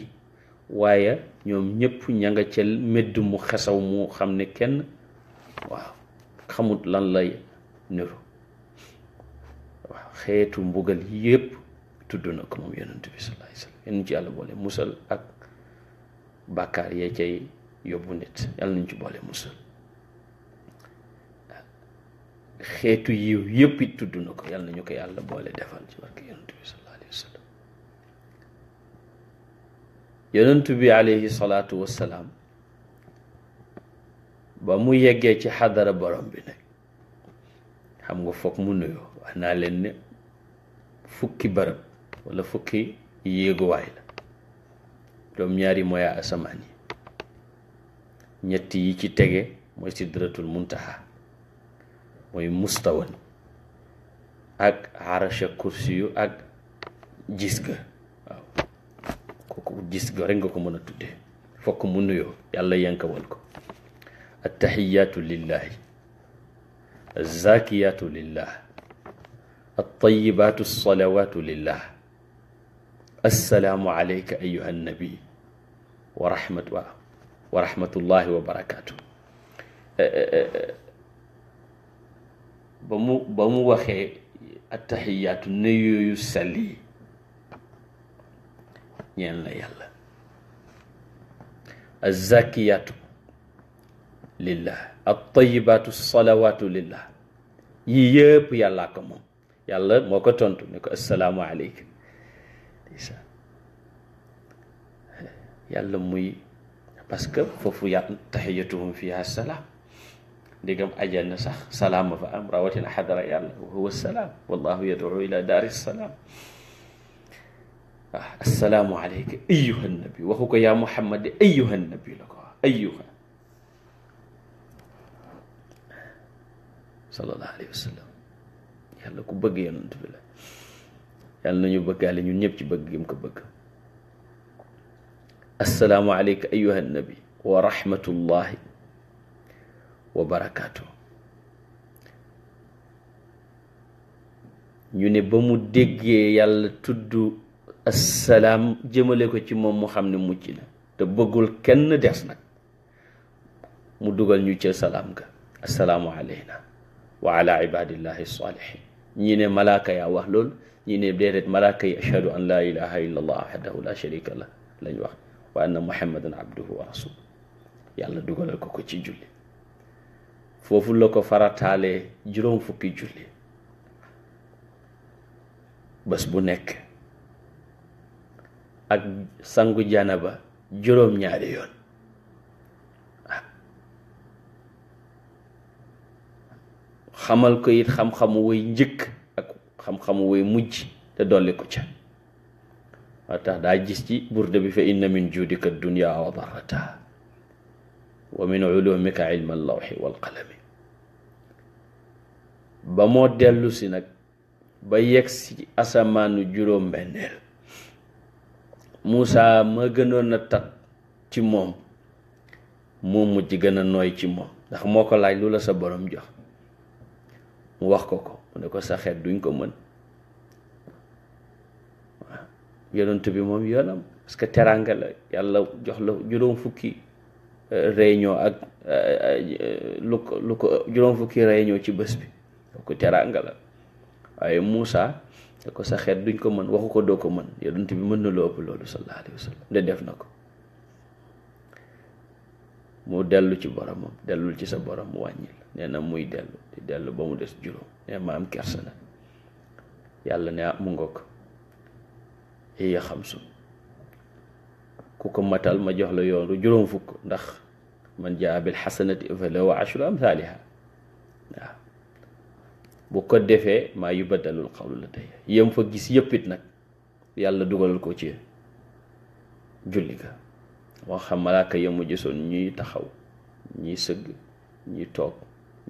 waaye ñoom ñëpp ñanga nga ca medd mu xesaw mu xam ne kenn waaw xamut lan lay niru waaw xeetu mbugal yépp tudd na ko moom yonent bi sallallahu alayhi wasallam yéen ci yàlla boole musal ak bàkkaar yee cay yóbbu nit yàlla ci boole musal xeetu yiw yépp it tudd na ko yàlla ñu ko yàlla boole defal ci barke yonentu bi aleyhi salaatu wassalaam ba mu yeggee ci xadara borom bi nag xam nga foog mu nuyoo wax naa leen ne fukki barab wala fukki yéeguwaay la doom ñaari mooya asamaan yi ñett yi ci tege mooy sidratul muntaha mooy mustawan ak arasha kursi yu ak gis ga ku gis go rek nga ko mën a tudde fokk mu nuyoo yàlla yankawal ko attaxiyaatu lillahi azzakiyaatu lillah attayibaatu salawaatu lillah assalaamu alayka ayuha annabi wa rahmat wa wa rahmatullahi wa barakaatu eh, eh, eh, ba mu ba mu waxee attaxiyaatu nuyooyu sell yi ñeel na yàlla azakiyatu lillah al tayibaatu salawaatu lillah yii yëpp yàllaa ko moom yàlla moo ko tontu ne ko assalaamu aleykum yàlla muy parce que foofu yàq taxiyatuhum fiha salaam diggam ajana sax salaama fa am rawatina xadara yàlla wa huwa salaam wallahu yad'u ila daari salaam waaw assalaamu aleyka ayyuha nabi waxu ko muhammad de ayyuha nabi la ko wax ayyuha sallallahu alayhi wa sallam yàlla ku bëgg nañu bëggaale ñun ci bëgg gim ko bëgg assalaamu aleyka ayyuha nabi wa rahmatullahi ñu ne ba mu déggee yàlla tudd assalaam jëmale ko ci moom mu xam ne mucc na te bëggul kenn des nag mu dugal ñu ca salaam ga assalaamu alayna wa ala ibadillahi salihin ñi ne malaaka wax loolu ñi ne déedéet malaaka an laa ilaha illa allah wax wa anna muhammadan abduhu wa rasul yàlla ko ko ci julli foofu la ko farataalee juróom fukki julli bés bu nekk ak sangu janaba juróom ñaari yoon xamal ko it xam-xamu way njëkk ak xam-xamu way mujj te dolli ko ca waa tax daa gis ci burde bi fa inna min juudika dunya wa darata wa min ulumika ilma allawxi walqalami ba moo dellusi nag ba yegg si asamaanu juróom benneel Moussa ma gënoon a tat ci moom moo mujj gën a nooy ci moom ndax moo ko laaj lu la sa borom jox mu wax ko ko mu ne ko sa xeet duñ ko mën waaw yonent bi moom yoonam parce que teraanga la yàlla jox la juróom fukki euh, réunion ak euh, lu ko lu ko juróom fukki réunion ci bés bi kooku teraanga la waaye Moussa ko sa xeet duñ ko mën waxu ko doo ko mën yonent bi mën na lu ëpp loolu sallallahu alayhi wa de def na ko mu dellu ci boromam dellul ci sa borom mu wàññil nee na muy dellu di dellu ba mu des juróom nee ma am kersa yàlla ne ah mu ngoog yi xam su ku ko matal ma jox la yoonu juróom fukk ndax man jaa bil xasanati fa lahu ashru amthaliha waaw bu ko defee maa yu baddalul xawlu la tey yem fa gis yëppit nag yàlla dugalal ko ci julli ga moo xam malaaka ya mu gisoon ñuy taxaw ñuy sëgg ñuy toog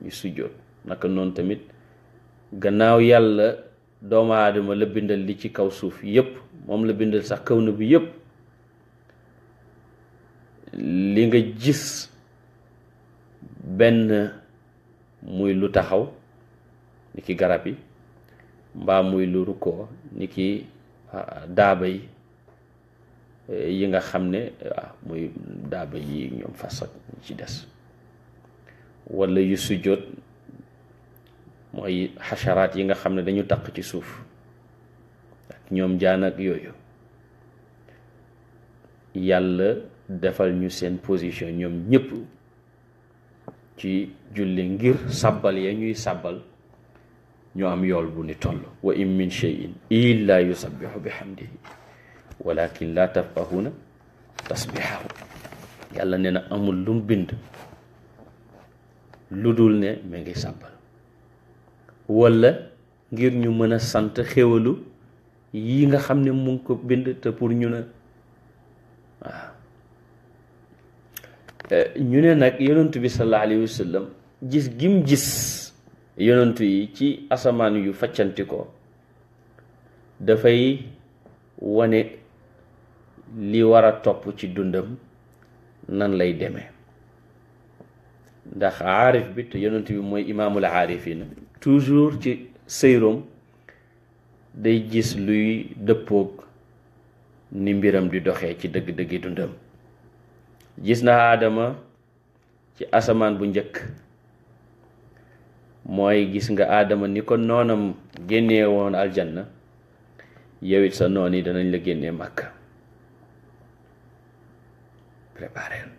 ñuy sujjoot naka noon tamit gannaaw yàlla doomu aadama la bindal li ci kaw suuf yépp moom la bindal sax kaw na bi yépp li nga gis benn muy lu taxaw ni garab yi mbaa muy lu rukkoo ni ki daaba yi e, yi nga xam ne waaw muy daaba yi ñoom fas ak ñu ci des wala yu sujjóot mooy xasharaat yi nga xam ne dañu taq ci suuf ak ñoom jaan ak yooyu yàlla defal ñu seen position ñoom ñëpp ci julli ngir sàbbal ya ñuy sàbbal ñu am yool bu ni toll wa in min cheyin illa yusabixu bihamdihi walakin la tafqahuna tasbixahu yàlla nee na amul lum bind lu dul ne mi ngi sàbbal wala ngir ñu mën a sant xéwalu yi nga xam ne mu ngi ko bind te pour ñu ne waaw eh, ñu ne nag yonent bi sallallahu alayhi wa sallam gis gim gis yonantu yi ci asamaan yu faccanti ko dafay wone li war a topp ci dundam nan lay deme ndax aarif bi te yonent bi mooy imaamul aarifina toujours ci sëyroom day gis luy dëppoog ni mbiram di doxee ci dëgg-dëggi dundam gis na aadama ci asamaan bu njëkk mooy gis nga aadama ni ko noonam génnee woon aljanna yow sa noon yi danañ la génne màkka prépareel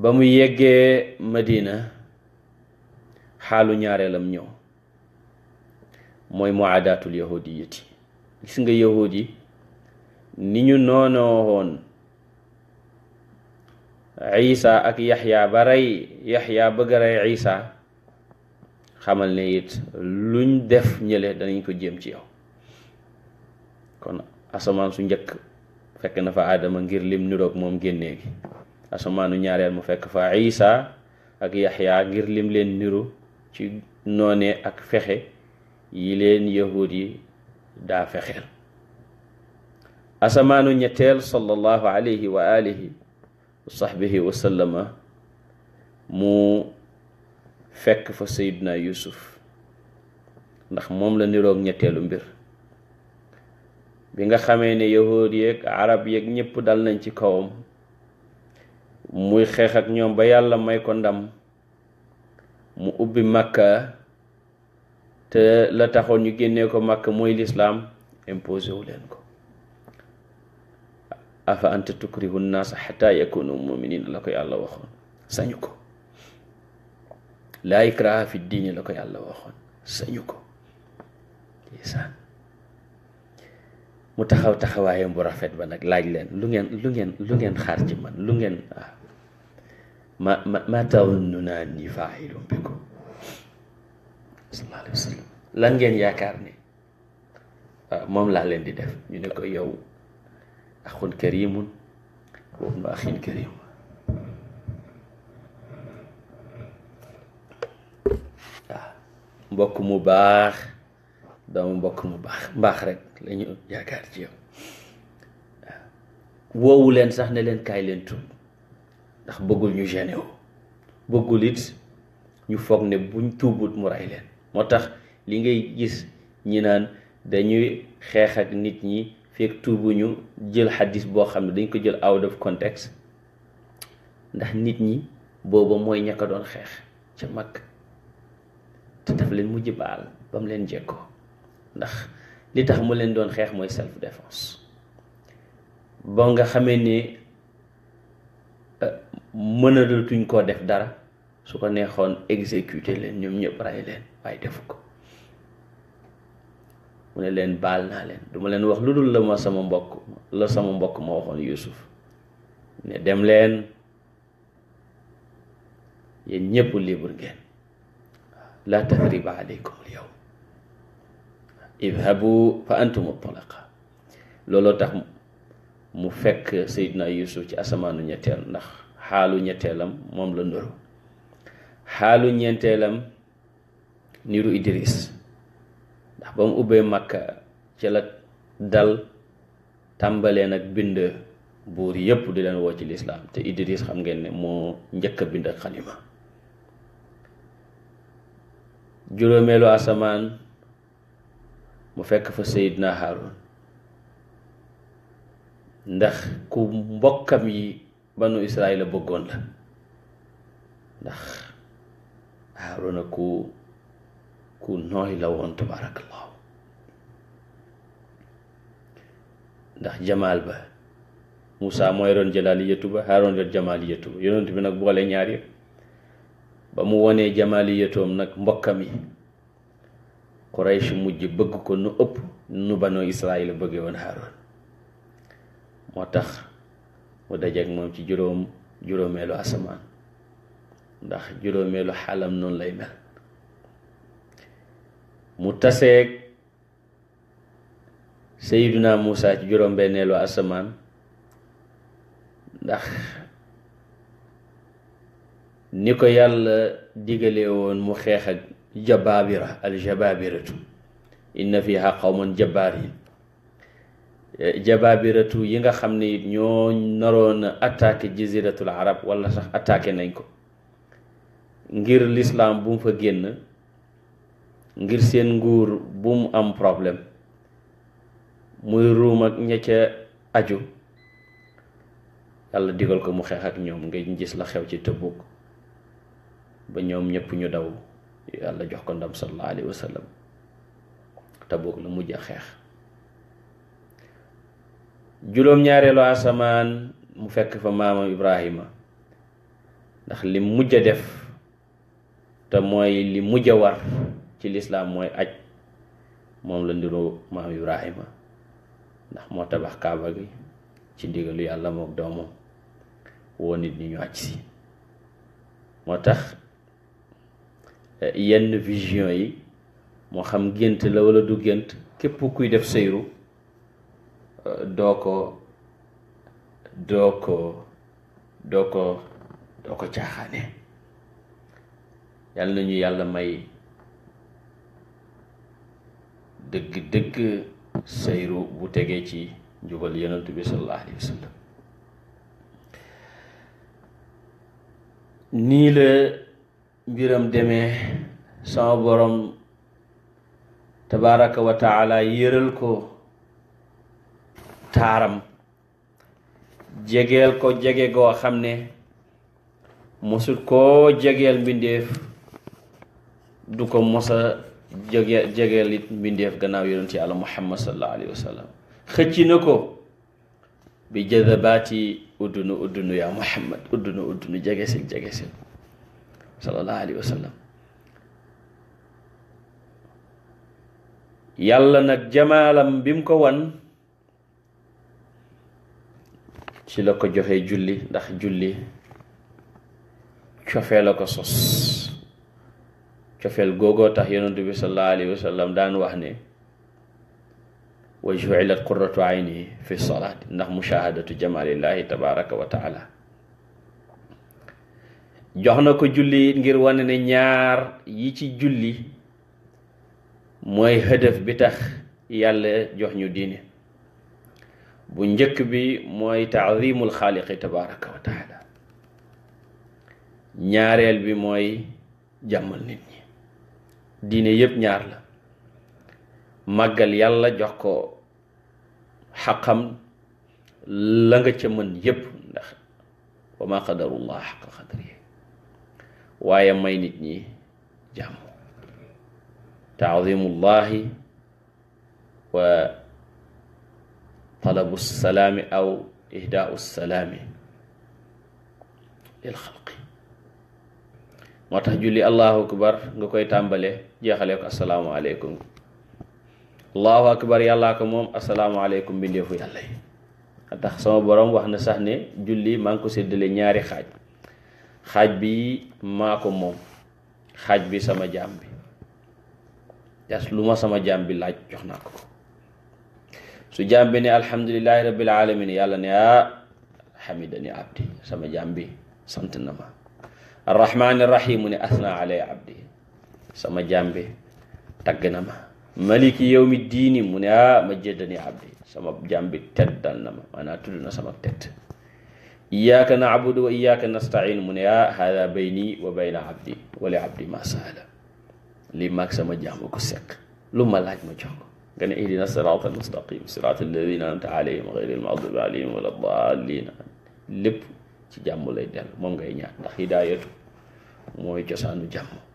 ba mu yéggee madina xaalu ñaareelam ñëw mooy muaadaatul yahudiyati gis nga yahudi ni ñu noonoo woon isa ak yaxya ba rey yaxya bëgg a rey luñ def ñële danañ ko jéem ci yow kon asamaan su njëkk fekk na fa aadama ngir lim ñaareel mu fekk fa isa ak yaxya ngir lim leen niru ci noone ak fexe yi leen yahud yi daa fexeel asamaanu ñetteel sallallahu alayhi wa wa saxbihi wa sallama mu fekk fa sayiduna yusuf ndax moom la niroog ñetteelu mbir bi nga xamee ne yahood yeeg arab yeeg ñépp dal nañ ci kawam muy xeex ak ñoom ba yàlla may ko ndam mu ubbi màkka te la taxoon ñu génnee ko màkka mooy lislaam imposé wu leen ko afa anta tukrihu nnaasa xata yakunu muminin la ko yàlla waxoon sañu ko laa ikraha fi diini la ko yàlla waxoon sañu ko ndeysaan mu taxaw taxawaayam bu rafet ba nag laaj leen lu ngeen lu ngeen lu ngeen xaar ci man lu ngeen waaw ah. ma ma ma tawannuna anni faa'ilun bikum sallallahu alayhi wa ngeen yaakaar ne waaw ah, moom laa leen di def ñu ne ko yow أخ كريم وابن أخ كريم waaw mbokk mu baax doomu mbokk mu baax mbaax rek lañu ñu yaakaar ci yow woowu leen sax ne leen kaay leen tuub ndax bëggul ñu gêné wu ñu foog ne buñ tuubut mu rey leen moo tax li ngay gis ñi naan dañuy xeex ak nit ñi fekk ñu jël xadis boo xam ne dañ ko jël out of context ndax nit ñi booba mooy ña doon xeex ca mag te daf leen mujj baal ba mu leen jekkoo ndax li tax mu leen doon xeex mooy self défense ba nga xamee ne euh, mënalatuñ koo def dara su ko neexoon exécuter leen ñoom ñëpp rey leen waaye defu ko mu ne leen baal naa leen duma leen wax lu dul la ma sama mbokk la sama mbokk ma waxoon Yuusuf ne dem leen yéen ñëpp libre ngeen la tathriba aleykum al yawm fa antum talaqa looloo tax mu fekk Seydina Yuusuf ci asamaanu ñetteel ndax xaalu ñetteelam moom la nuru xaalu ñeenteelam niru Idris ndax ba mu ubbee makka ci la dal tàmbalee nag bind buur yépp di leen woo ci lislaam te Idris xam ngeen ne moo njëkk a bind ak xalima juróomeelu asamaan mu fekk fa na Haarun ndax ku mbokkam yi banu Israayil a bëggoon la ndax Haaruna ku kunoo lawoon tabaarakallaahu ndax jamaal ba Moussa mooy roon jalaaliyatu ba Haaroon yor jamaaliyatu ba bi nag boole ñaar yëpp ba mu wonee jamaaliyatoom nag mbokkam yi Quraysh mujj bëgg ko nu ëpp nu banu Israayil bëggee woon Haaroon moo tax mu dajeeg moom ci juróom juróomeelu asamaan ndax juróomeelu xaalam noonu lay mel mu taseeg Seydina musa ci juróom-benneelu asamaan ndax ni ko yàlla digalee woon mu xeex ak jabaabira al jabaabiratu inna fiha qawman jabaarin jabaabiratu yi nga xam ni ñoo naroon attaqué jaziratul arab wala sax attaqué nañ ko ngir lislaam bu mu fa génn ngir seen nguur bu am problème muy ruum ak ña ca aju yàlla digal ko mu xeex ak ñoom nga gis la xew ci tëbbuk ba ñoom ñëpp ñu daw yàlla jox ko ndam sallallahu alayhi wa sallam la mujj a xeex juróom-ñaareelu asamaan mu fekk fa maamam Ibrahima ndax li mujj a def te mooy li mujj a war ci lislaam mooy aj moom la ndiroo maam Ibrahima ndax moo tabax kaaba gi ci ndigalu yàlla mook doomam woo nit ñi ñu aj si moo tax eh, yenn vision yi moo xam gént la wala du gént képp kuy def sëyru eh, doo ko doo ko doo ko doo ko caaxaane yàlla na ñu yàlla may dëgg-dëgg sayru bu tegee ci njubal yonent bi sallallahu alayhi wa nii la mbiram demee sama borom tabaraka wa yéral yëral ko taaram jegeel ko jege goo xam ne mosut koo jegeel mbindeef du ko mosa jege jegeel it mbindeef gannaaw yonent yàlla muhammad sallallahu alayhi wa sallam na ko bi jadabaati uddunu uddunu yaa muhammad uddunu uddunu jegesil jegesil sallallahu yàlla nag jamaalam bim ko wan ci la ko joxe julli ndax julli cofee la ko sos cofeel googoo tax yonentu bi sallallahu daan wax ne wa juilat qurratu ayni fi salaati ndax mushahadatu jamalillahi tabaraka wa jox na ko julli ngir wane ne ñaar yi ci julli mooy hëdëf bi tax yàlla jox ñu diine bu njëkk bi mooy taadimul xaaliqi tabaraka wa ñaareel bi mooy jàmmal nit ñi diine yépp ñaar la màggal yàlla jox ko xaqam la nga ca mën yépp ndax wa ma qadarullah xaqa qadri waaye may nit ñi jàmm taadimullahi wa talabu salaami aw ihdaau salaami tax julli akbar nga koy tàmbale jeexalee ko asalaamaaleykum allahu akbar yàllaa ko moom asalaamaaleykum mbindeefu yàlla yi tax sama boroom wax na sax ne julli maa ngi ko séddale ñaari xaaj xaaj bi maa ko moom xaaj bi sama jaam bi das lu ma sama jaam bi laaj jox naa ko su jaam bi ne alhamdulilahi rabbil alamin yàlla ne ah xamidani abdi sama jaam bi sant na ma arrahmaani rahimu ne asna alay abdi sama jaam bi tagg na ma maliki yawmi diini mu ne ah ma jëddani abdi sama jaam bi teddal na ma maanaam tudd na sama tedd iyaaka naabudu wa iyaaka nastain mu ne ah hada bayni wa bayna abdi wali abdi ma saala lii maag sama jaamu ko seq lu ma laaj ma jox ko nga ne ihdina siraata almustaqim siraata alladina an'amta alayhim gayri almaghdubi alayhim wala dallin lépp ci jàmm lay dellu moom ngay ñaan ndax hidaayatu mooy cosaanu jàmm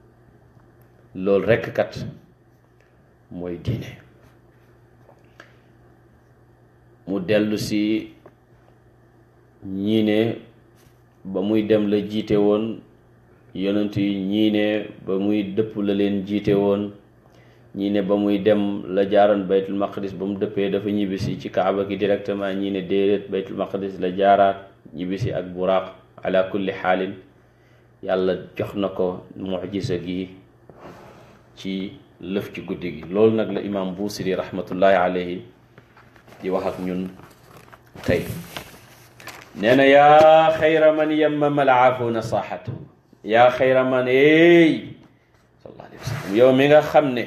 loolu rekk kat mooy diine mu dellusi si ñii ne ba muy dem la jiite woon yonent yi ñii ba muy dëpp la leen jiite woon ñii ne ba muy dem la jaaroon baytul maqdis ba mu dëppee dafa ñibbisi ci kaaba gi directement ñii ne déedéet baytul maqdis la jaaraat ñibbisi ak buraaq ala kulli xaalin yàlla jox na ko mucjisa gi ci lëf ci guddi gi loolu nag la imaam Buusiri rahmatullahi alayhi di wax ak ñun tey nee na yaa xayra man yemmama alaafuuna saaxatu yaa xayra man ey sallallahu alayhi wa mi nga xam ne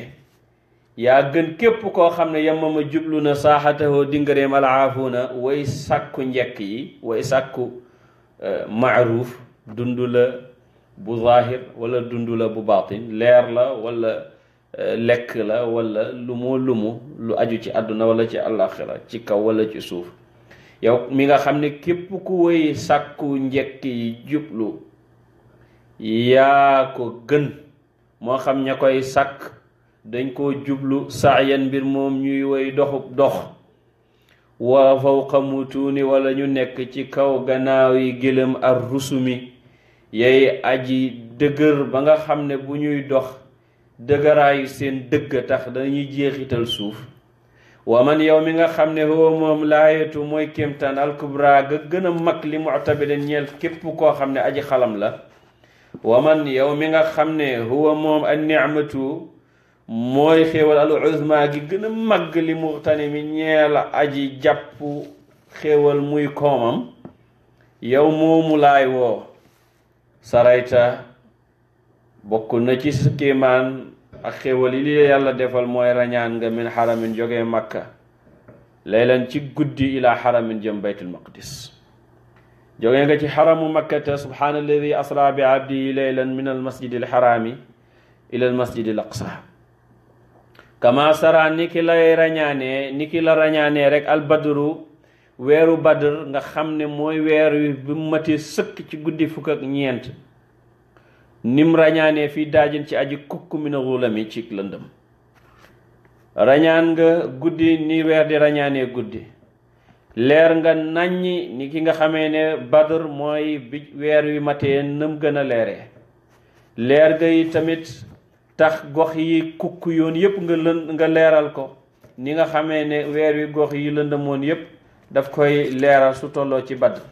yaa gën képp koo xam ne ma jublu na saaxatahoo dingareem alaafuuna way sakku njekk yi way sakku eh, maaruf dundu bu zaahir wala dund la bu baatin leer la walla euh, lekk la walla lu lumu lu aju ci àdduna walla ci àllaaxira ci kaw walla ci suuf yow mi nga xam ne képp ku wéy sàkku njëkk yi jublu yaa ko gën moo xam ña koy sàkk dañ koo jublu saayan mbir moom ñuy woy doxub dox wa fawqa mutuuni wala ñu nekk ci kaw gannaaw yi gëlëm a rusumi yey aji dëgër ba nga xam ne bu ñuy dox dëgëraayu seen dëgg tax dañuy jeexital suuf wa man yow mi nga xam ne hoo moom laayatu mooy kéemtaan alkubra ga gën a mag li képp koo xam ne aji xalam la wa man mi nga xam ne huwa gi gën a mag li muxtani mi ñeel aji jàpp xéewal muy koomam yow moomu laay woo sarayta bokk na ci kiimaan ak xéwal yi yàlla defal mooy rañaan nga min xaramin jógee makka laylan ci guddi ila xaramin jëm baytul maqdis jógee nga ci xaramu makkata subhaanalladi asra bi abdihi laylan min al masjidil xaraami ila al masjidil aqsa kama sara ni ki lay rañaanee ni ki la rañaanee rek albadru weeru badr nga xam ne mooy weer wi bi mu sëkk ci guddi fukk ak ñeent nim rañaanee fii daajin ci aji kukk mi ci lëndëm rañaan nga guddi ni weer di rañaanee guddi leer nga nàññi ni ki nga xamee ne badr mooy bi weer wi mate nëm gën a leeree leer ga yi tamit tax gox yi kukk yoon yépp nga leeral ko ni nga xamee ne weer wi gox yi lëndëmoon yépp daf koy leeral su tolloo ci Badr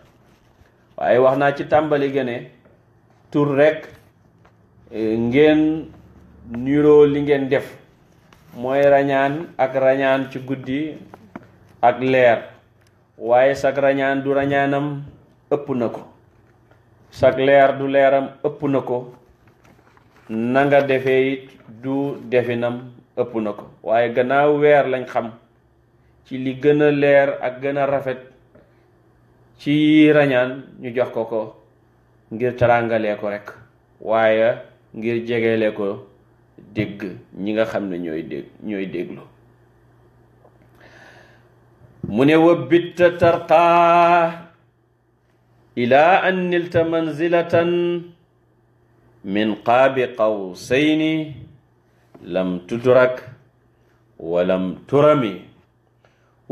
waaye wax naa ci tàmbali gene tur rekk e, ngeen niroo li ngeen def mooy rañaan ak rañaan ci guddi ak leer waaye sag rañaan du rañaanam ëpp na ko sag leer du leeram ëpp na ko nanga defee du definam ëpp na ko waaye gannaaw weer lañ xam ci li gën a leer ak gëna rafet ci rañaan ñu jox ko ko ngir tarangalee ko rekk waaye ngir jegeele ko dégg ñi nga xam ne ñooy déglu mu ne wa bitta tarqaa ila an ta manzilatan min qaabi qawsayni lam tudrak wa lam turami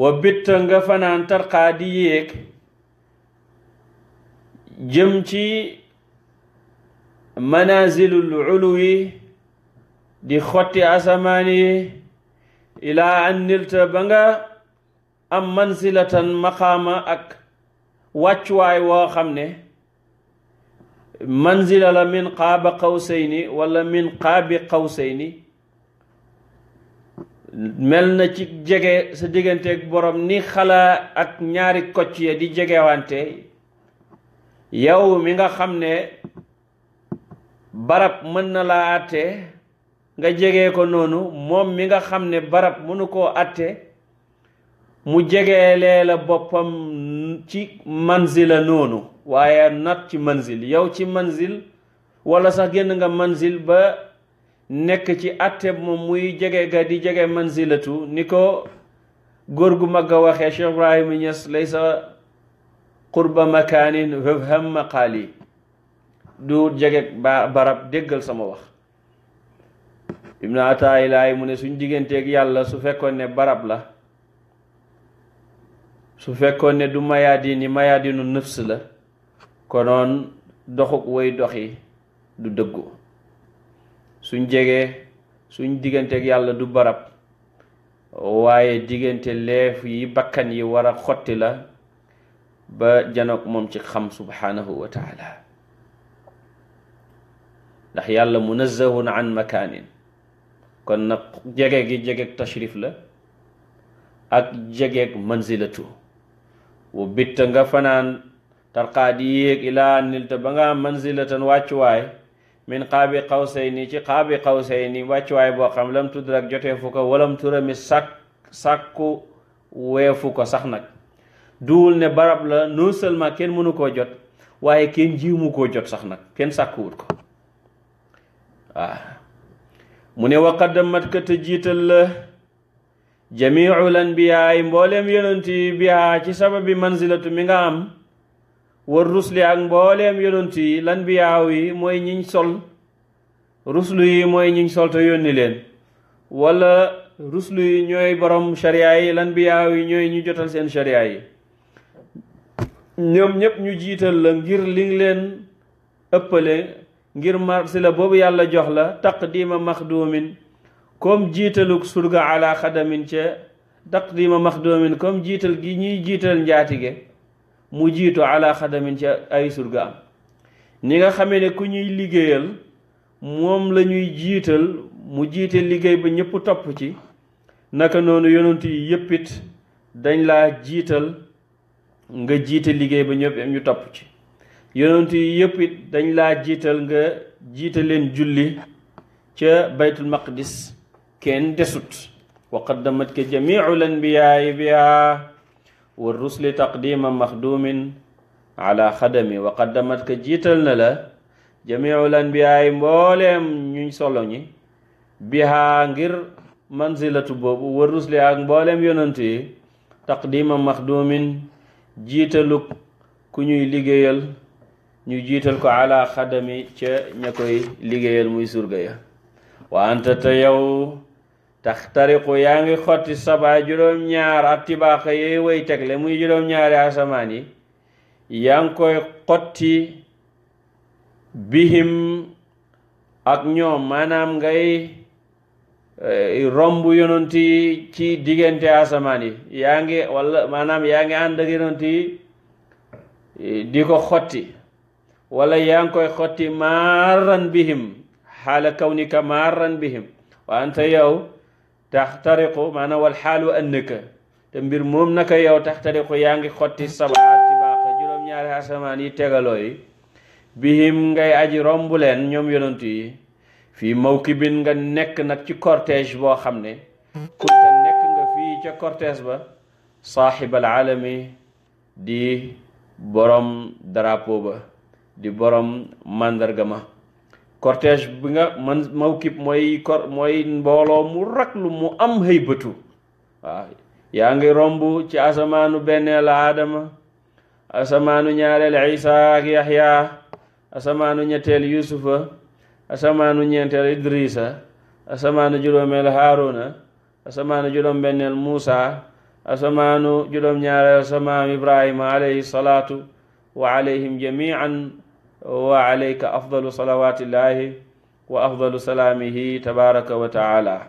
wa bitta nga fanaan tarxaa di yéeg jëm ci manazilul uluwi di xotti asamaan yi ilaa an nilta ba nga am mansilatan maqaama ak wàccuwaay woo xam ne manzila la min qaaba qawsayni wala min qaabi qawsayni mel na ci jege sa digganteeg boroom ni xalaa ak ñaari kocc ya di jegewante yow mi nga xam ne barab mën na laa àtte nga jege ko noonu moom mi nga xam ne barab mënu koo àtte mu lee la boppam ci manzila noonu waaye not ci manzil yow ci manzil wala sax génn nga manzil ba nekk ci atte moom muy jege ga di jege manzilatu ni ko góor gu mag a waxee Cheikh Ibrahima Niass laysa qurba makaanin fafham maqaali du jege barab déggal sama wax ibnu ataa ilaahi mu ne suñ digganteeg yàlla su fekkoon barab la su fekkoon ne du mayaadini mayaadinu nëfs la konoon doxuk way doxi du dëggu suñ jege suñ digganteeg yàlla du barab waaye diggante leef yi bakkan yi wara xotti la ba janoog moom ci xam subhaanahu wa ndax yàlla munazzahun an makaanin kon nag jege gi jegeeg tashrif la ak jegeeg manzilatu wa bitta nga fanaan tarqaadi yéeg ilaa nilta ba nga manzilatan wàccuwaay min xaabi xawsayni ci xaabi xawsayni wàccuwaay boo xam lam tudd rek joteefu ko walam turami sàkk sàkku weefu ko sax nag duwul ne barab la non seulement kenn mënu koo jot waaye kenn jiimu koo jot sax nag kenn sàkkuwut ko waaw mu ne waqaddamat ka te jiital la jamiul anbiyaay mbooleem yonent yi ci sababi manzilatu mi nga am war rusli ak mbooleem yonent yi lan biyaaw yi mooy ñiñ sol ruslu yi mooy ñiñ sol te yónni leen wala ruslu yi ñooy borom sharia yi lan biyaaw yi ñooy ñu jotal seen sharia yi ñoom ñépp ñu jiital la ngir li leen ëppale ngir marsi la boobu yàlla jox la ma taqdima maxduumin comme jiitaluk surga ala xadamin ma max doomin comme jiital gi ñuy jiital njaatige mu jiitu ala xadamin ci ay surga am ni nga xamee ne ku ñuy liggéeyal moom la ñuy jiital mu jiite liggéey ba ñëpp topp ci naka noonu yonent yi yëpp it dañ laa jiital nga jiite liggéey ba ñëpp ñu topp ci yonent yi yëpp it dañ laa jiital nga jiite leen julli ca baytul maqdis kenn desut wa qaddamat ka jamiul anbiyaai biha wa rusli taqdima maxdumin ala xadami wa qaddamat ka jiital na la jamiul anbiyaay mbooleem ñuñ solo ñi bihaa ngir manzilatu boobu wa rusli ak mbooleem yonant yi taqdima maxdumin jiitaluk ku ñuy liggéeyal ñu jiital ko ala xadami ca ña koy liggéeyal muy surga ya wa anta te yow taxtariqu yaa ngi xotti sabaa juróom-ñaar atibaaxa yooyu way tegle muy juróom-ñaari asamaan yi yaa ngi koy xotti bihim ak ñoom maanaam ngay eh, romb yonent yi ci diggante asamaan yi yaa ngi walla maanaam yaa ngi ànd ak eh, di ko xotti wala yaa ngi koy xotti maaran bihim xaala kaw ka maaran bihim wa anta yow taxtariqu maanaam wal xaalu annaka te mbir moom naka yow taxtariqu yaa ngi xotti sabaati baax yi tegaloo yi bihim ngay aji rombuleen leen ñoom yonent yi fii mawkibin nga nekk nag ci cortège boo xam ne kunta nekk nga fii ca cortège ba saaxibal alami di borom drapeau ba di borom màndarga ma cortège bi nga man mawkib mooy kor mooy mbooloo mu raglu mu am haybatu waaw yaa ngi romb ci asamaanu benneel aadama asamaanu ñaareel isa ak yaxya asamaanu ñetteel yusufa asamaanu ñeenteel idrisa asamaanu juróomeel haaruna asamaanu juróom benneel muusa asamaanu juróom ñaareel asamaam ibrahima alayhi wa alayhim jamian wa alayka afdalu salawatillahi wa afdalu salaamihi tabaraka wa taala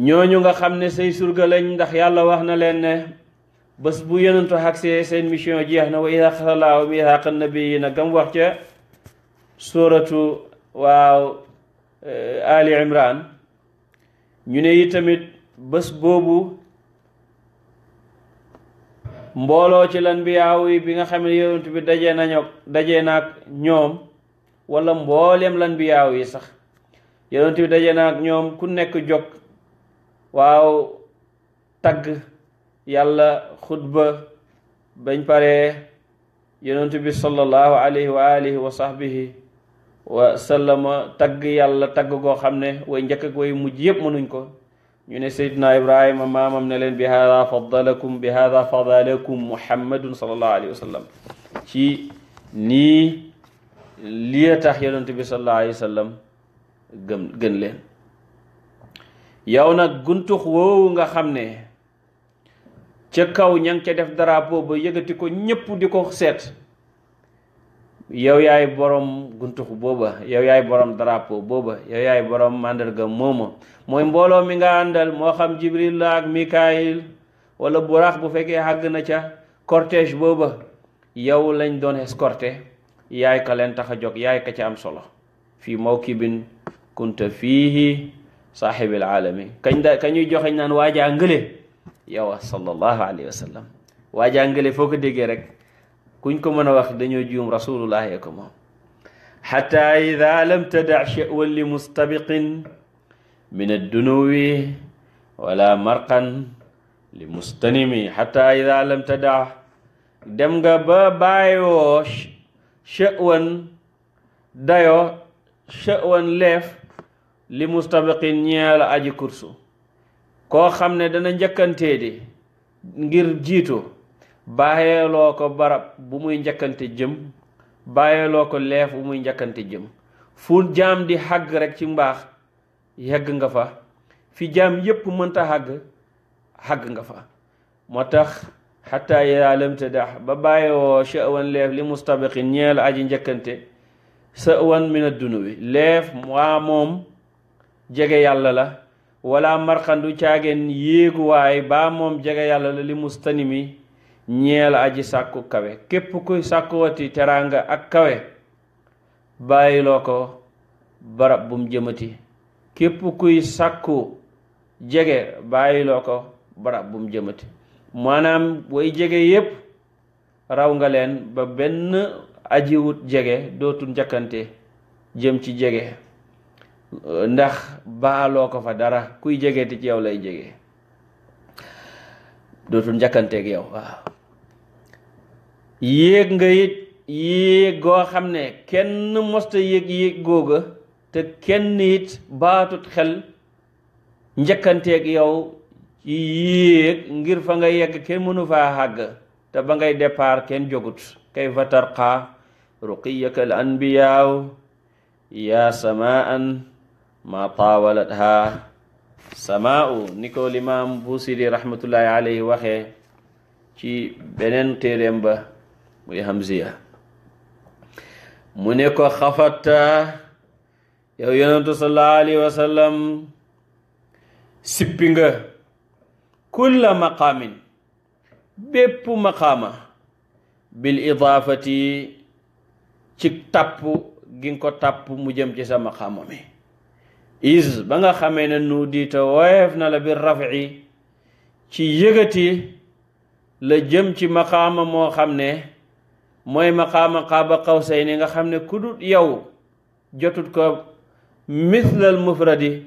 ñooñu nga xam ne say surga lañ ndax yàlla wax na leen ne bés bu yenentu agsee seen mission jeex na wa ida xasalaahu mithaqa nabiyina gam wax ca suratu waaw eh, ali imran ñu ne yi tamit boobu mbooloo ci lan biyaaw yi bi nga xam ne yonent bi dajee nañu dajee naag ñoom walla mbooleem lan biyaaw yi sax yonent bi dajee naag ñoom ku nekk jóg waaw tagg yàlla xutba bañ paree yonent bi sallallahu alayhi wa sax wa sahbihi tagg yàlla tagg goo xam ne way njëkk ak way mujj yépp mënuñ ko ñu ne seydina ibrahima maamam ne leen bi hada faddalakum bi hada fadalakum muhammadun sallallahu alayhi wa ci nii liya tax yonent bi sallallahu alayhi wa sallam leen yow nag guntux woowu nga xam ne ca kaw ña ngi ca def drapeau ba yëgati ko ñépp di ko seet yow yaay boroom guntux booba yow yaay borom drapeau booba yow yaay borom màndarga mooma mooy mbooloo mi nga àndal moo xam jibril la ak mikaayil wala burax bu fekkee àgg na ca cortège booba yow lañ doon escorté yaay ka leen tax a jóg yaay ka ca am solo fii mawkibin kunta fiihi saaxibil aalami kañ da ka ñuy joxeñ naan waajaa ngële yow sallallahu alayhi wa sallam waajaa ngële foo ko déggee rek kuñ ko mën a wax dañoo juum rasulullah ko moom xata ida lam tadac chewan li min addunuwi wala marqan li mustanimi xata ida lam tadac dem nga ba bàyyoo chewan dayo chewan leef li mustabiqin ñeel aji kursu koo xam ne dana njëkkantee di ngir jiitu bàyyeeloo ko barab bu muy njëkkante jëm bàyyeeloo ko leef bu muy njëkkante jëm fu jaam di xàgg rek ci mbaax yegg nga fa fi jaam yépp mënta xagg xagg nga fa moo tax xataa yaa lam tadax ba bàyyiwoo sha'wan leef li mustabiqin ñeel aji njëkkante sha'wan min ad-dunubi leef waa moom jege yàlla la walla marxandu caageen yéeguwaay baa moom jege yàlla la li mustanimi ñeel aji sàkku kawe képp kuy sàkkuwati teraanga ak kawe bàyyiloo ko barab bum jëmati képp kuy sàkku jege bàyyiloo ko barab bum jëmati maanaam way jege yépp raw nga leen ba benn ajiwut jege dootul njëkkante jëm ci jege ndax baaloo ko fa dara kuy jege ti ci yow lay jege dootul njëkkanteeg yow waaw yéeg nga it yéeg goo xam ne kenn mosta yéeg yéeg googa te kenn it baatut xel njëkkanteeg yow ci ngir fa nga yegg kenn mënu faa xàgg te ba ngay départ kenn jogut kay fa tarqa ruqiyaka al anbiyaaw ya samaan ma taawalat ha samaau ni ko limaam buusiri rahmatullahi alayhi waxee ci beneen téeréem ba muy mu ne ko xafatta yow yonentu sallallahu alayhi wa sallam sippi nga kulla maqaamin bépp maqaama bil idaafati ci tàpp gi nga ko tàpp mu jëm ci sa maqaama mi is ba nga xamee ne nu diita woyef na la bi rafi ci yëgati la jëm ci maqaama moo xam ne mooy xaw qaaba qawsayni nga xam ne ku dut yow jotut ko mislal mufradi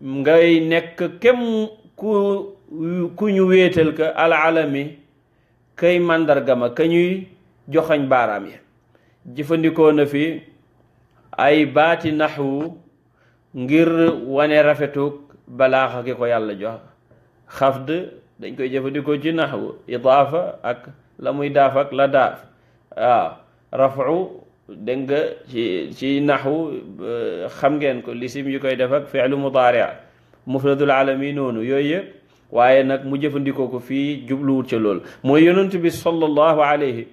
ngay nekk kem ku ku ñu wéetal ka alalami kay màndargama ka ñuy joxañ baaraam yi jëfandikoo na fi ay baati naxwu ngir wane rafetuk balaaxa ki ko yàlla jox xafd dañ koy jëfandikoo ci naxwu idaafa ak la muy daaf la daaf waaw rafu dégg nga ci ci naxu euh, xam ngeen ko lisim yi koy def ak fi'lu mudaari' mufradul alami noonu yooyu yëpp waaye nag mu jëfandikoo ko fii jubluwul ca loolu mooy yonent bi sallallahu alayhi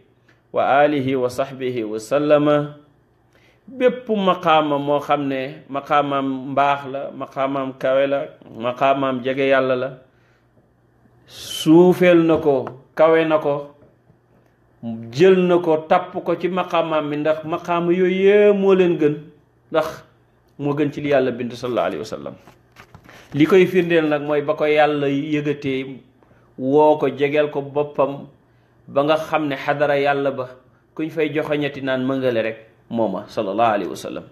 wa alihi wa sahbihi wa sallama bépp maqaama moo xam ne maqaamaam mbaax la maqaamaam kawe la maqaamaam jege yàlla la suufeel na ko kawe na ko jël na ko tàpp ko ci maqamam mi ndax maqaama yooyu yee moo leen gën ndax moo gën ci li yàlla bind sallallahu alayhi wa sallam li koy firndeel nag mooy ba ko yàlla yëgatee woo ko jegeel ko boppam ba nga xam ne xadara yàlla ba kuñ fay joxoñati naan mëngale rek mooma sallallahu alayhi wa sallam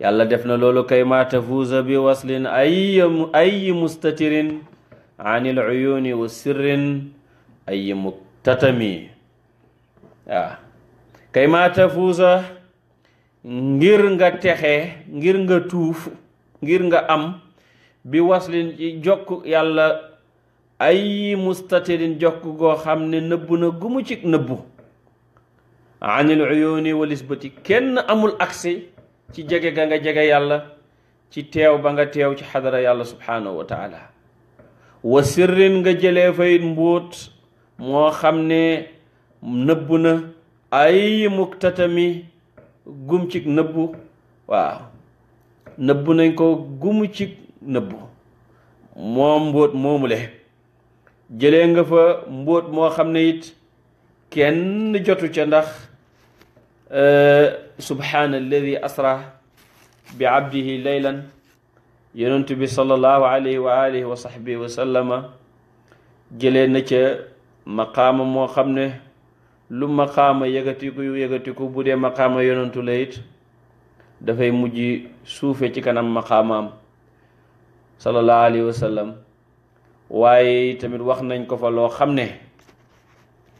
yàlla def na loolu kay ma tafuuza bi waslin ay ay mustatirin anil uyuni wa sirrin ay muktatami waaw ah. kay ma tafuusa ngir nga texe ngir nga tuuf ngir nga am bi waslin jokk yàlla ay mustatilin jokk goo xam ne nëbb na gumu ci nëbbu anil uyuni walis kenn amul agsi ci jege ga nga jege yàlla ci teew ba nga teew ci xadara yàlla subhanahu wa taala wa sirrin nga jëlee fay mbóot moo xam ne nëbb na ay muktatami gum cig nëbbu waaw nañ ko gumu cig nëbbu moom mbóot moomule jëlee nga fa mboot moo xam ne it kenn jotu ca ndax euh, subhaana alladi asra bi abdihi laylan yonent bi sallallahu alayhi wa alihi wa sahbihi sallama jëlee na ca maqaama moo xam ne lu maqaama yëgatiku yëgatiku bu dee maqaama yonantu la dafay mujj suufe ci kanam maqaamaam sallallahu alayhi wa waaye tamit wax nañ ko fa loo xam ne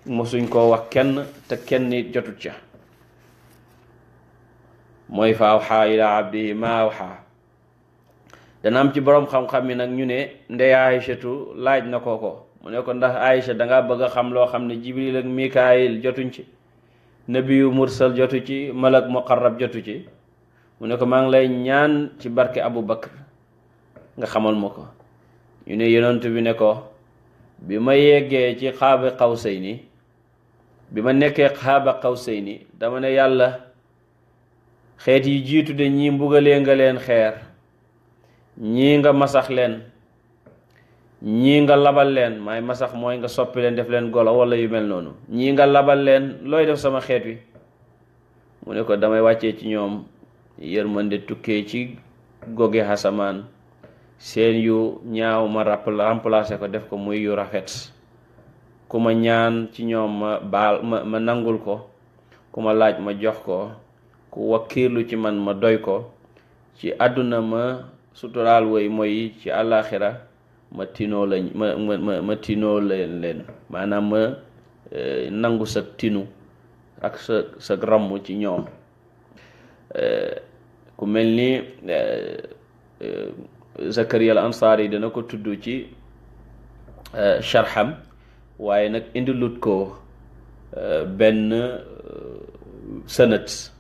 mosuñ koo wax kenn te kenn it jotut ca mooy fa awxaa ila abdihi ma awxaa dana am ci boroom xam-xam yi nag ñu ne ndey setu laaj na ko ko mu ne ko ndax Aïcha danga bëgg a xam loo xam ne jibril ak mikaayil jotuñ ci nabiyu mursal jotu ci malak muqarrab jotu ci mu ne ko maa ngi lay ñaan ci barke abu bakar nga xamal ma ko ñu ne yonent bi ne ko bi ma yeggee ci xaaba xaw ni bi ma nekkee xaaba xaw xawsayni dama ne yàlla xeet yi jiitu de ñi mbugalee nga leen xeer ñii nga masax leen ñii nga labal leen maay masax mooy nga soppi leen def leen golo wala yu mel noonu ñii nga labal leen looy def sama xeet wi mu ne ko damay wàcce ci ñoom mën yërmande tukkee ci goge asamaan seen yu ñaaw ma remplacé ko def ko muy yu rafet ku ma ñaan ci ñoom ma baal ma nangul ko ku ma laaj ma jox ko ku wakkiirlu ci man ma doy ko ci àdduna ma suturaal woy mooy ci àllaaxira ma tinoo lañ ma ma tinoo leen leen maanaam ma eh, nangu sa tinu ak sa sa ramm ci ñoom eh, ku mel ni eh, Zakaria al Ansaari dana ko tudd ci sharxam waaye nag indilut ko benn sanat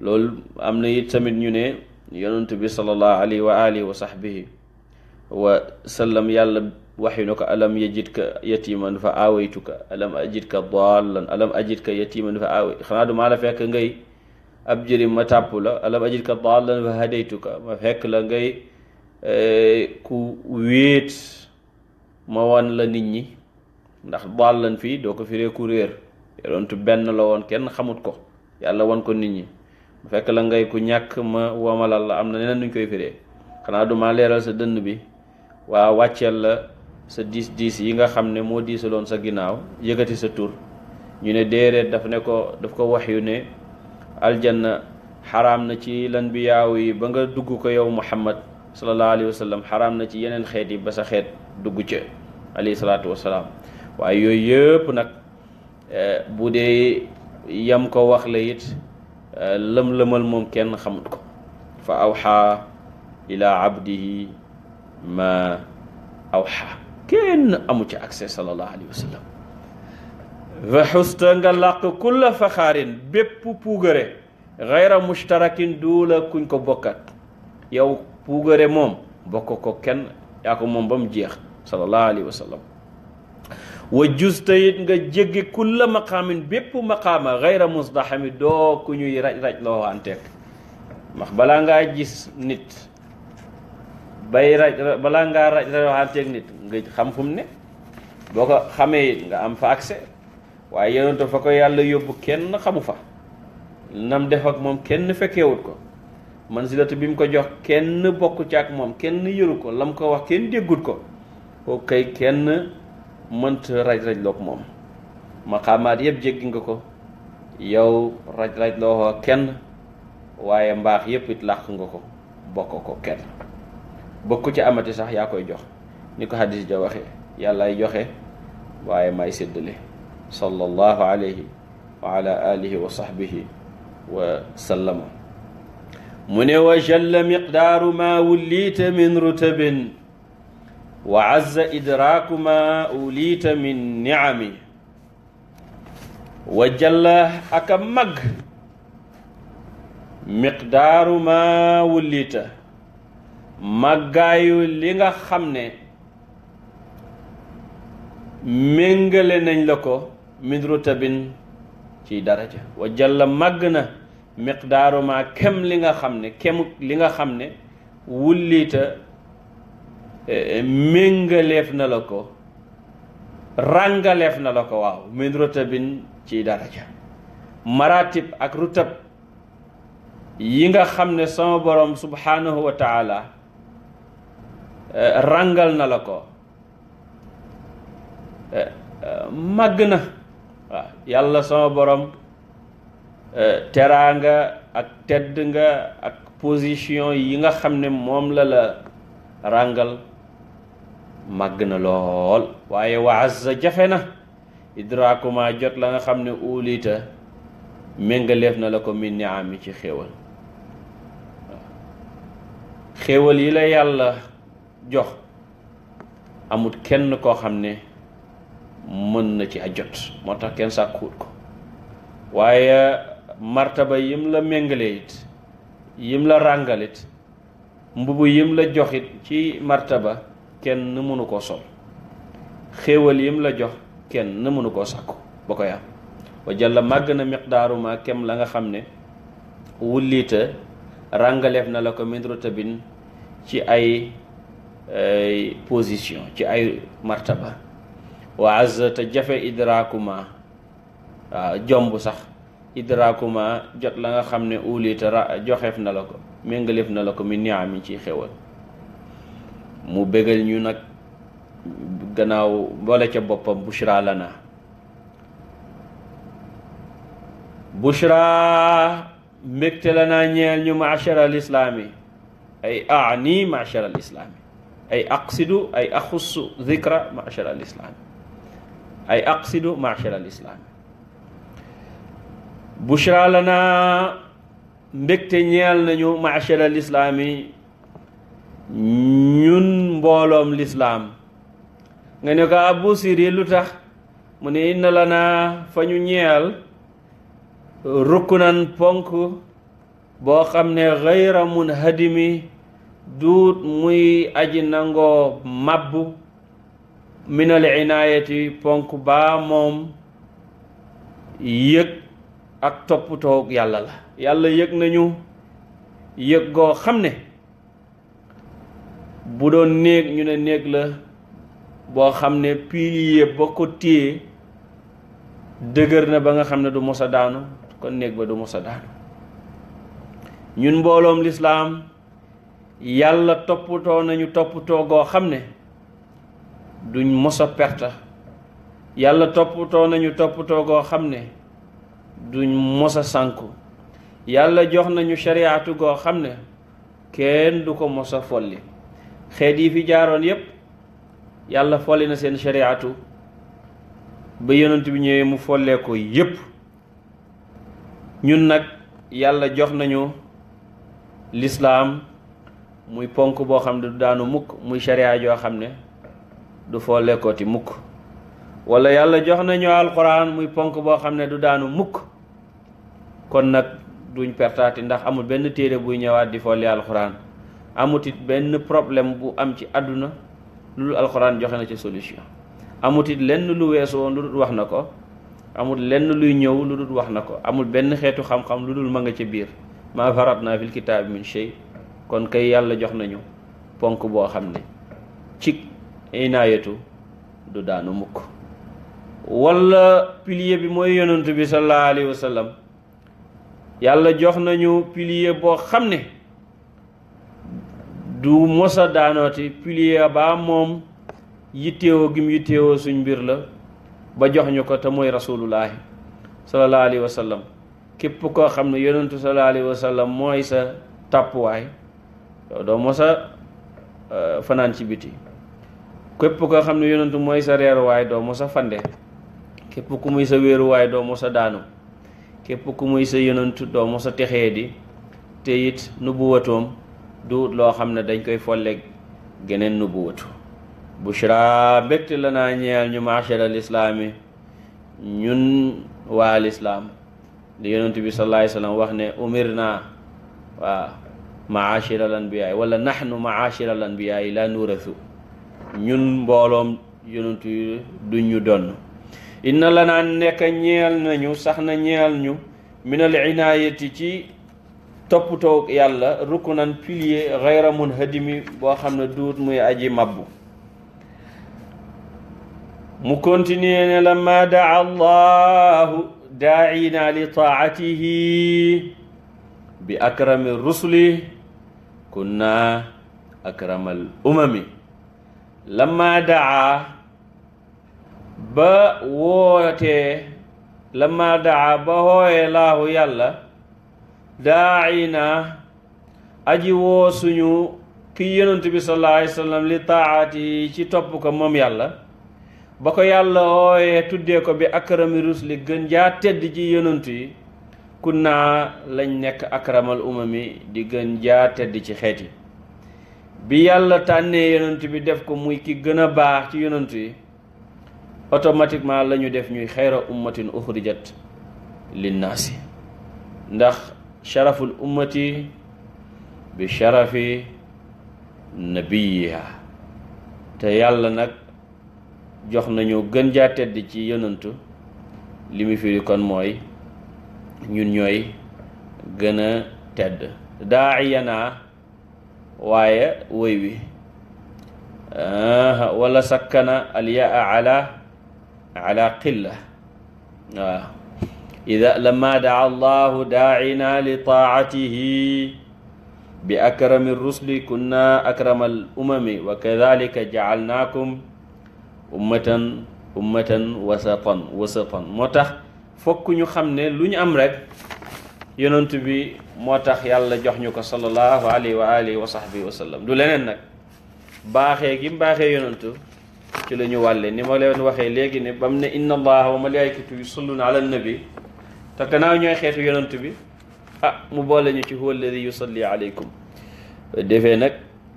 loolu am na it tamit ñu ne yonent bi sallallahu alayhi wa alihi wa sahbihi wa sallam yàlla waxi na ko alam yajidka yatiman fa aawaytuka alam ajidka daalan alam ajidka yatiman fa aaway xanaa du maa la fekk ngay ab jërim ma tàpp la alam ajidka daalan fa hadaytuka ma fekk la ngay e, ku wéet ma wan la nit ñi ndax daalan fii doo ko firee ku réer yonentu benn la woon kenn xamut ko yàlla wan ko nit ñi ma fekk la ngay ku ñàkk ma wamalal la am na neneen nuñ koy firee du maa leeral sa dënn bi waa wàcceel la sa diis diis yi nga xam ne moo diisaloon sa ginnaaw yëkkati sa tur ñu ne déedéet dafa ne ko daf ko wax yu ne aljanna xaraam na ci lan bi yaaw yi ba nga dugg ko yow muhammad sallallahu alayhi wa sallam xaraam na ci yeneen xeet yi ba sa xeet dugg ca alayhi wasalaam waaye yooyu yëpp nag eh, bu dee yam ko wax la it eh, lëm-lëmal moom kenn xamut ko fa aw xaa ilaa abdihi ma awxa kenn amu ci accès sallallahu alayhi wa sallam nga làq kulla faxaarin bépp puugare xayra mustarakin duula kuñ ko bokkat yow puugare moom bokk ko kenn yaa ko moom ba mu jeex sallallahu alayhi wa wa justa it nga jéggi kulla maqaamin bépp maqaama xayra musdaxami doo ku ñuy raj raj loo anteek ndax balaa ngaa gis nit bay raj balaa ngaa raj rajoxaanteeg nit nga xam fum ne boo ko xamee it nga am fa accès waaye yonent fa ko yàlla yóbbu kenn xamu fa nam def ak moom kenn fekkewut ko man si latu bi mu ko jox kenn bokk ci ak moom kenn yëru ko lam ko wax kenn déggut ko kooku kay kenn mënta raj-raj loog moom maqaamaat yëpp jéggi nga ko yow raj-raj loo kenn waaye mbaax yëpp it làq nga ko bokk ko kenn ba ku ci amati sax yaa koy jox ni ko hadis ja waxee yàllaay joxe waaye may séddale sallallahu alayhi wa ala wa sahbihi wa sallama mu wa jalla miqdaaru ma wulliita min rutabin wa azza idraaku ma uliita min niami wa jalla aka mag ma wulliita màggaayu li nga xam ne méngale nañ la ko min rutabin ci daraja wa jalla màgg na miqdaaru ma kem li nga xam ne kem li nga xam ne wulliita e, e, méngaleef na la ko ràngaleef na la ko waaw min rutabin ci daraja maratib ak rutab yi nga xam ne sama borom subhanahu wa Eh, ràngal na la ko eh, eh, màgg na waaw yàlla sama boroom teraanga ak tedd nga ak position yi nga xam ne moom la la ràngal màgg na lool waaye waazza jafe na idraakuma jot la nga xam ne uulita méngaleef na la ko min niami ci xéewal xéewal yi la yàlla jox amut kenn koo xam ne mën na ci ajot moo tax kenn sàkkuwut ko waaye martaba yim la méngale it yim la ràngalit mbubu yim la joxit ci martaba kenn mënu koo sol xéewal yim la jox kenn mënu koo sàkku ba koy am wa jàlla màgg na miqdaaruma kem la nga xam ne wulliita ràngaleef na la ko min rutabin ci ay position ci ay martaba wa azza te jafe idraakuma waaw jomb sax idraakuma jot la nga xam ne ulita ra joxef na la ko méngaleef na la ko mi niam yi ciy xewal mu bégal ñu nag gannaaw boole ca boppam bushra lana bushra mbégte la naa ñeel ñu machara al islaami ay aani machara al islaami ay aqsidu ay axussu zikra machar al islami ay aqsidu machar al islami bushra lana mbégte ñeel nañu machar al islami ñun mbooloom lislaam nga ne ko abu siri lu tax mu ne inna lana fa ñu ñeel rukkunan ponk boo xam ne xayra mun duut muy aji nangoo mabbu minal inaayati ponk baa moom yëg ak toppatoo yàlla la yàlla yëg nañu yëg goo xam ne bu doon néeg ñu ne néeg la boo xam ne pilier ba ko téye dëgër na ba nga xam ne du mos daanu kon néeg ba du mos a daanu ñun mbooloom lislaam yàlla toppatoo nañu toppatoo goo xam ne duñ mos a perte yàlla toppatoo nañu toppatoo goo xam ne duñ mos a sànku yàlla jox nañu shariatu goo xam ne kenn du ko mos a folli xeet yi fi jaaroon yépp yàlla folli na seen shariatu ba yonent bi ñëwee mu follee ko yépp ñun nag yàlla jox nañu lislaam muy ponk boo xam ne du daanu mukk muy sharia joo xam ne du foo lekkooti mukk wala yàlla jox nañu alquran muy ponk boo xam ne du daanu mukk kon nag duñ pertaati ndax amul benn téere buy ñëwaat di folli alquran amutit benn problème bu am ci àdduna lu alxuraan joxe na ci solution amutit lenn lu weesu woon lu dul wax na ko amut lenn luy ñëw lu dul wax na ko amul benn xeetu xam-xam lu dul ma nga ca biir maa farat naa fil kitaab min shay kon kay yàlla jox nañu ponk boo xam ne ci inaayatu du daanu mukk wala pilier bi mooy yonent bi sallallahu alayhi yàlla jox nañu pilier boo xam ne du mosa daanooti pilier baa moom yitteewoo gim yitteewoo suñ mbir la ba jox ñu ko te mooy rasulullahi sallallahu alayhi wa képp koo xam ne yonentu sallallahu alayhi mooy sa tàppuwaay doo mosa euh, fanaan ci biti képp ko xam ne yonentu mooy sa reeruwaay doo mosa fande képp ku muy sa wéeruwaay doo mosa daanu képp ku muy sa yonentu doo mosa texee di te it nubuwatoom du loo xam ne dañ koy folleeg geneen nubuwatu bushra mbégte la naa ñeel ñu machar al islaami ñun waa al islaam li yonentu bi sallallahu alayhi wax ne umir naa waaw maachira al anbiyaay wala nahnu mbooloom yonent yi du sax na ñeel ci toppatoo yàlla rukunan pilier boo xam ne duut muy mu continuer ne la ma daa allahu daaina li taatihi bi akrami rusuli kunna akramal umami lamma daa ba wootee lamma daa ba hooyee laahu yàlla daa'ina aji woo suñu ki yonent bi sallallahu alayhi wasallam li taa'ati ci topp ko moom yàlla ba ko yàlla hooyee tuddee ko bi akrami rusli gën jaa tedd ji yonent yi naa lañ nekk akramal umami di gën jaa tedd ci xeet bi yàlla tànnee yonent bi def ko muy ki gën a baax ci yonent yi automatiquement la def ñuy xayra ummatin uxrijat linnaasi ndax sharaful ummati bi sharafi nabiyiha te yàlla nag jox nañu gën jaa tedd ci yonentu li mu kon mooy ñun ñooy gën a tedd daa'iyanaa waaye woy wi wala sakkana alyaa ala ala qilla waaw ida lama daa allahu daa'ina li taa'atihi bi akrami rusli kunna akrama al umami wa kadalika jacalnaakum ummatan ummatan wasatan wasatan moo tax fokk ñu xam ne lu ñu am rek yonent bi moo tax yàlla jox ñu ko sallallahu alayhi wa alihi wa sahbihi wa sallam du leneen nag baaxee gi mu baaxee yonent ci lañu ñu wàlle ni ma leen waxee léegi ne ba mu ne inna allaha wa malaikatu yusalluna ala nabi te gannaaw ñooy xeetu yonent bi ah mu boole ñu ci huwa alladi yusalli alaykum defee nag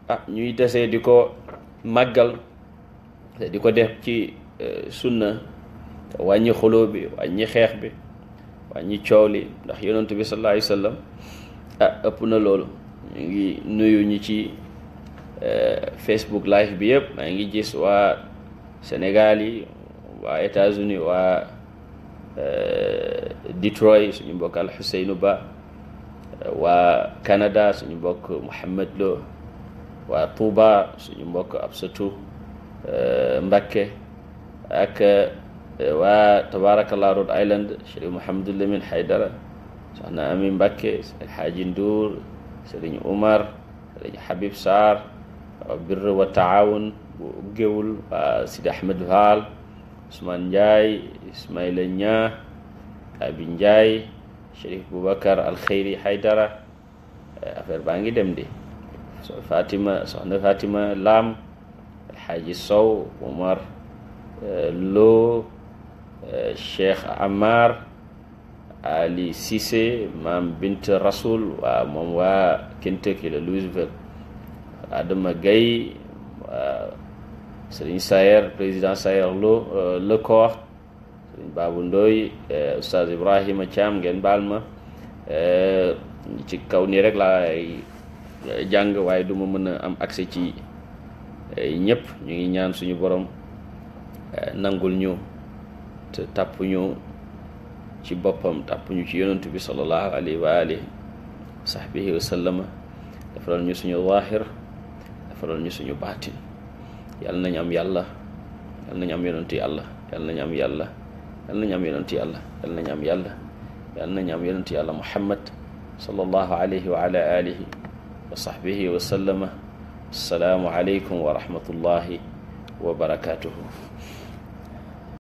ah ñuy tasee di ko màggal di ko def ci euh, sunna wàññi xuloo bi wàññi xeex bi ñi coow li ndax yonent bi sallallahu alayhi wa sallam ah, na loolu ñu ngi nuyu ñi ci eh, Facebook live bi yëpp maa ngi gis waa Sénégal yi waa États-Unis waa eh, Detroit suñu mbokk al Xuseynu Ba waa Canada suñu mbokk Mouhamed Lo waa Touba suñu mbokk Absatou eh, Mbakke ak waa tabarakallah Rhode Island Chérif Mouhamadou Lamine Haydara soxna Ami Mbacke Alxaaji Nduur Sëriñ Umar Sëriñ Habib Sarr waa Birr wa Taawun bu Géwul waa Sidi Ahmed Vaal Ousmane Ndiaye Ismaïla Ña Abi Ndiaye Chérif Boubacar Alxeyri Haydara eh, affaire baa ngi dem di Fatima soxna Fatima Lam Alxaaji Sow Umar eh, Lo Euh, Cheikh Amar Ali Cissé maam Bint Rasoul waaw moom waa Kentucky la Louisville Adama Gaye waaw Serigne Sayer président Sayer Lo euh, Le Corps Serigne Babou Ndoye euh, Oustaz ci am ngeen baal ma ci kaw nii rek laay jàng waaye du mën a am accès ci ñëpp ñu ngi ñaan suñu borom nangul ñu te tàpp ñu ci boppam tàpp ñu ci yonent bi sallallahu alayhi wa alihi wa sahbihi wa sallama defaral ñu suñu zaahir defaral ñu suñu baatin yàlla nañu am yàlla yàlla nañu am yonent yàlla yàlla nañu am yàlla yàlla nañu am yonent yàlla yàlla nañu am yàlla yàlla nañu am yonent yàlla muhammad sallallahu alayhi wa ala alihi wa sahbihi wa sallama assalaamu aleykum wa rahmatullahi wa barakatuhu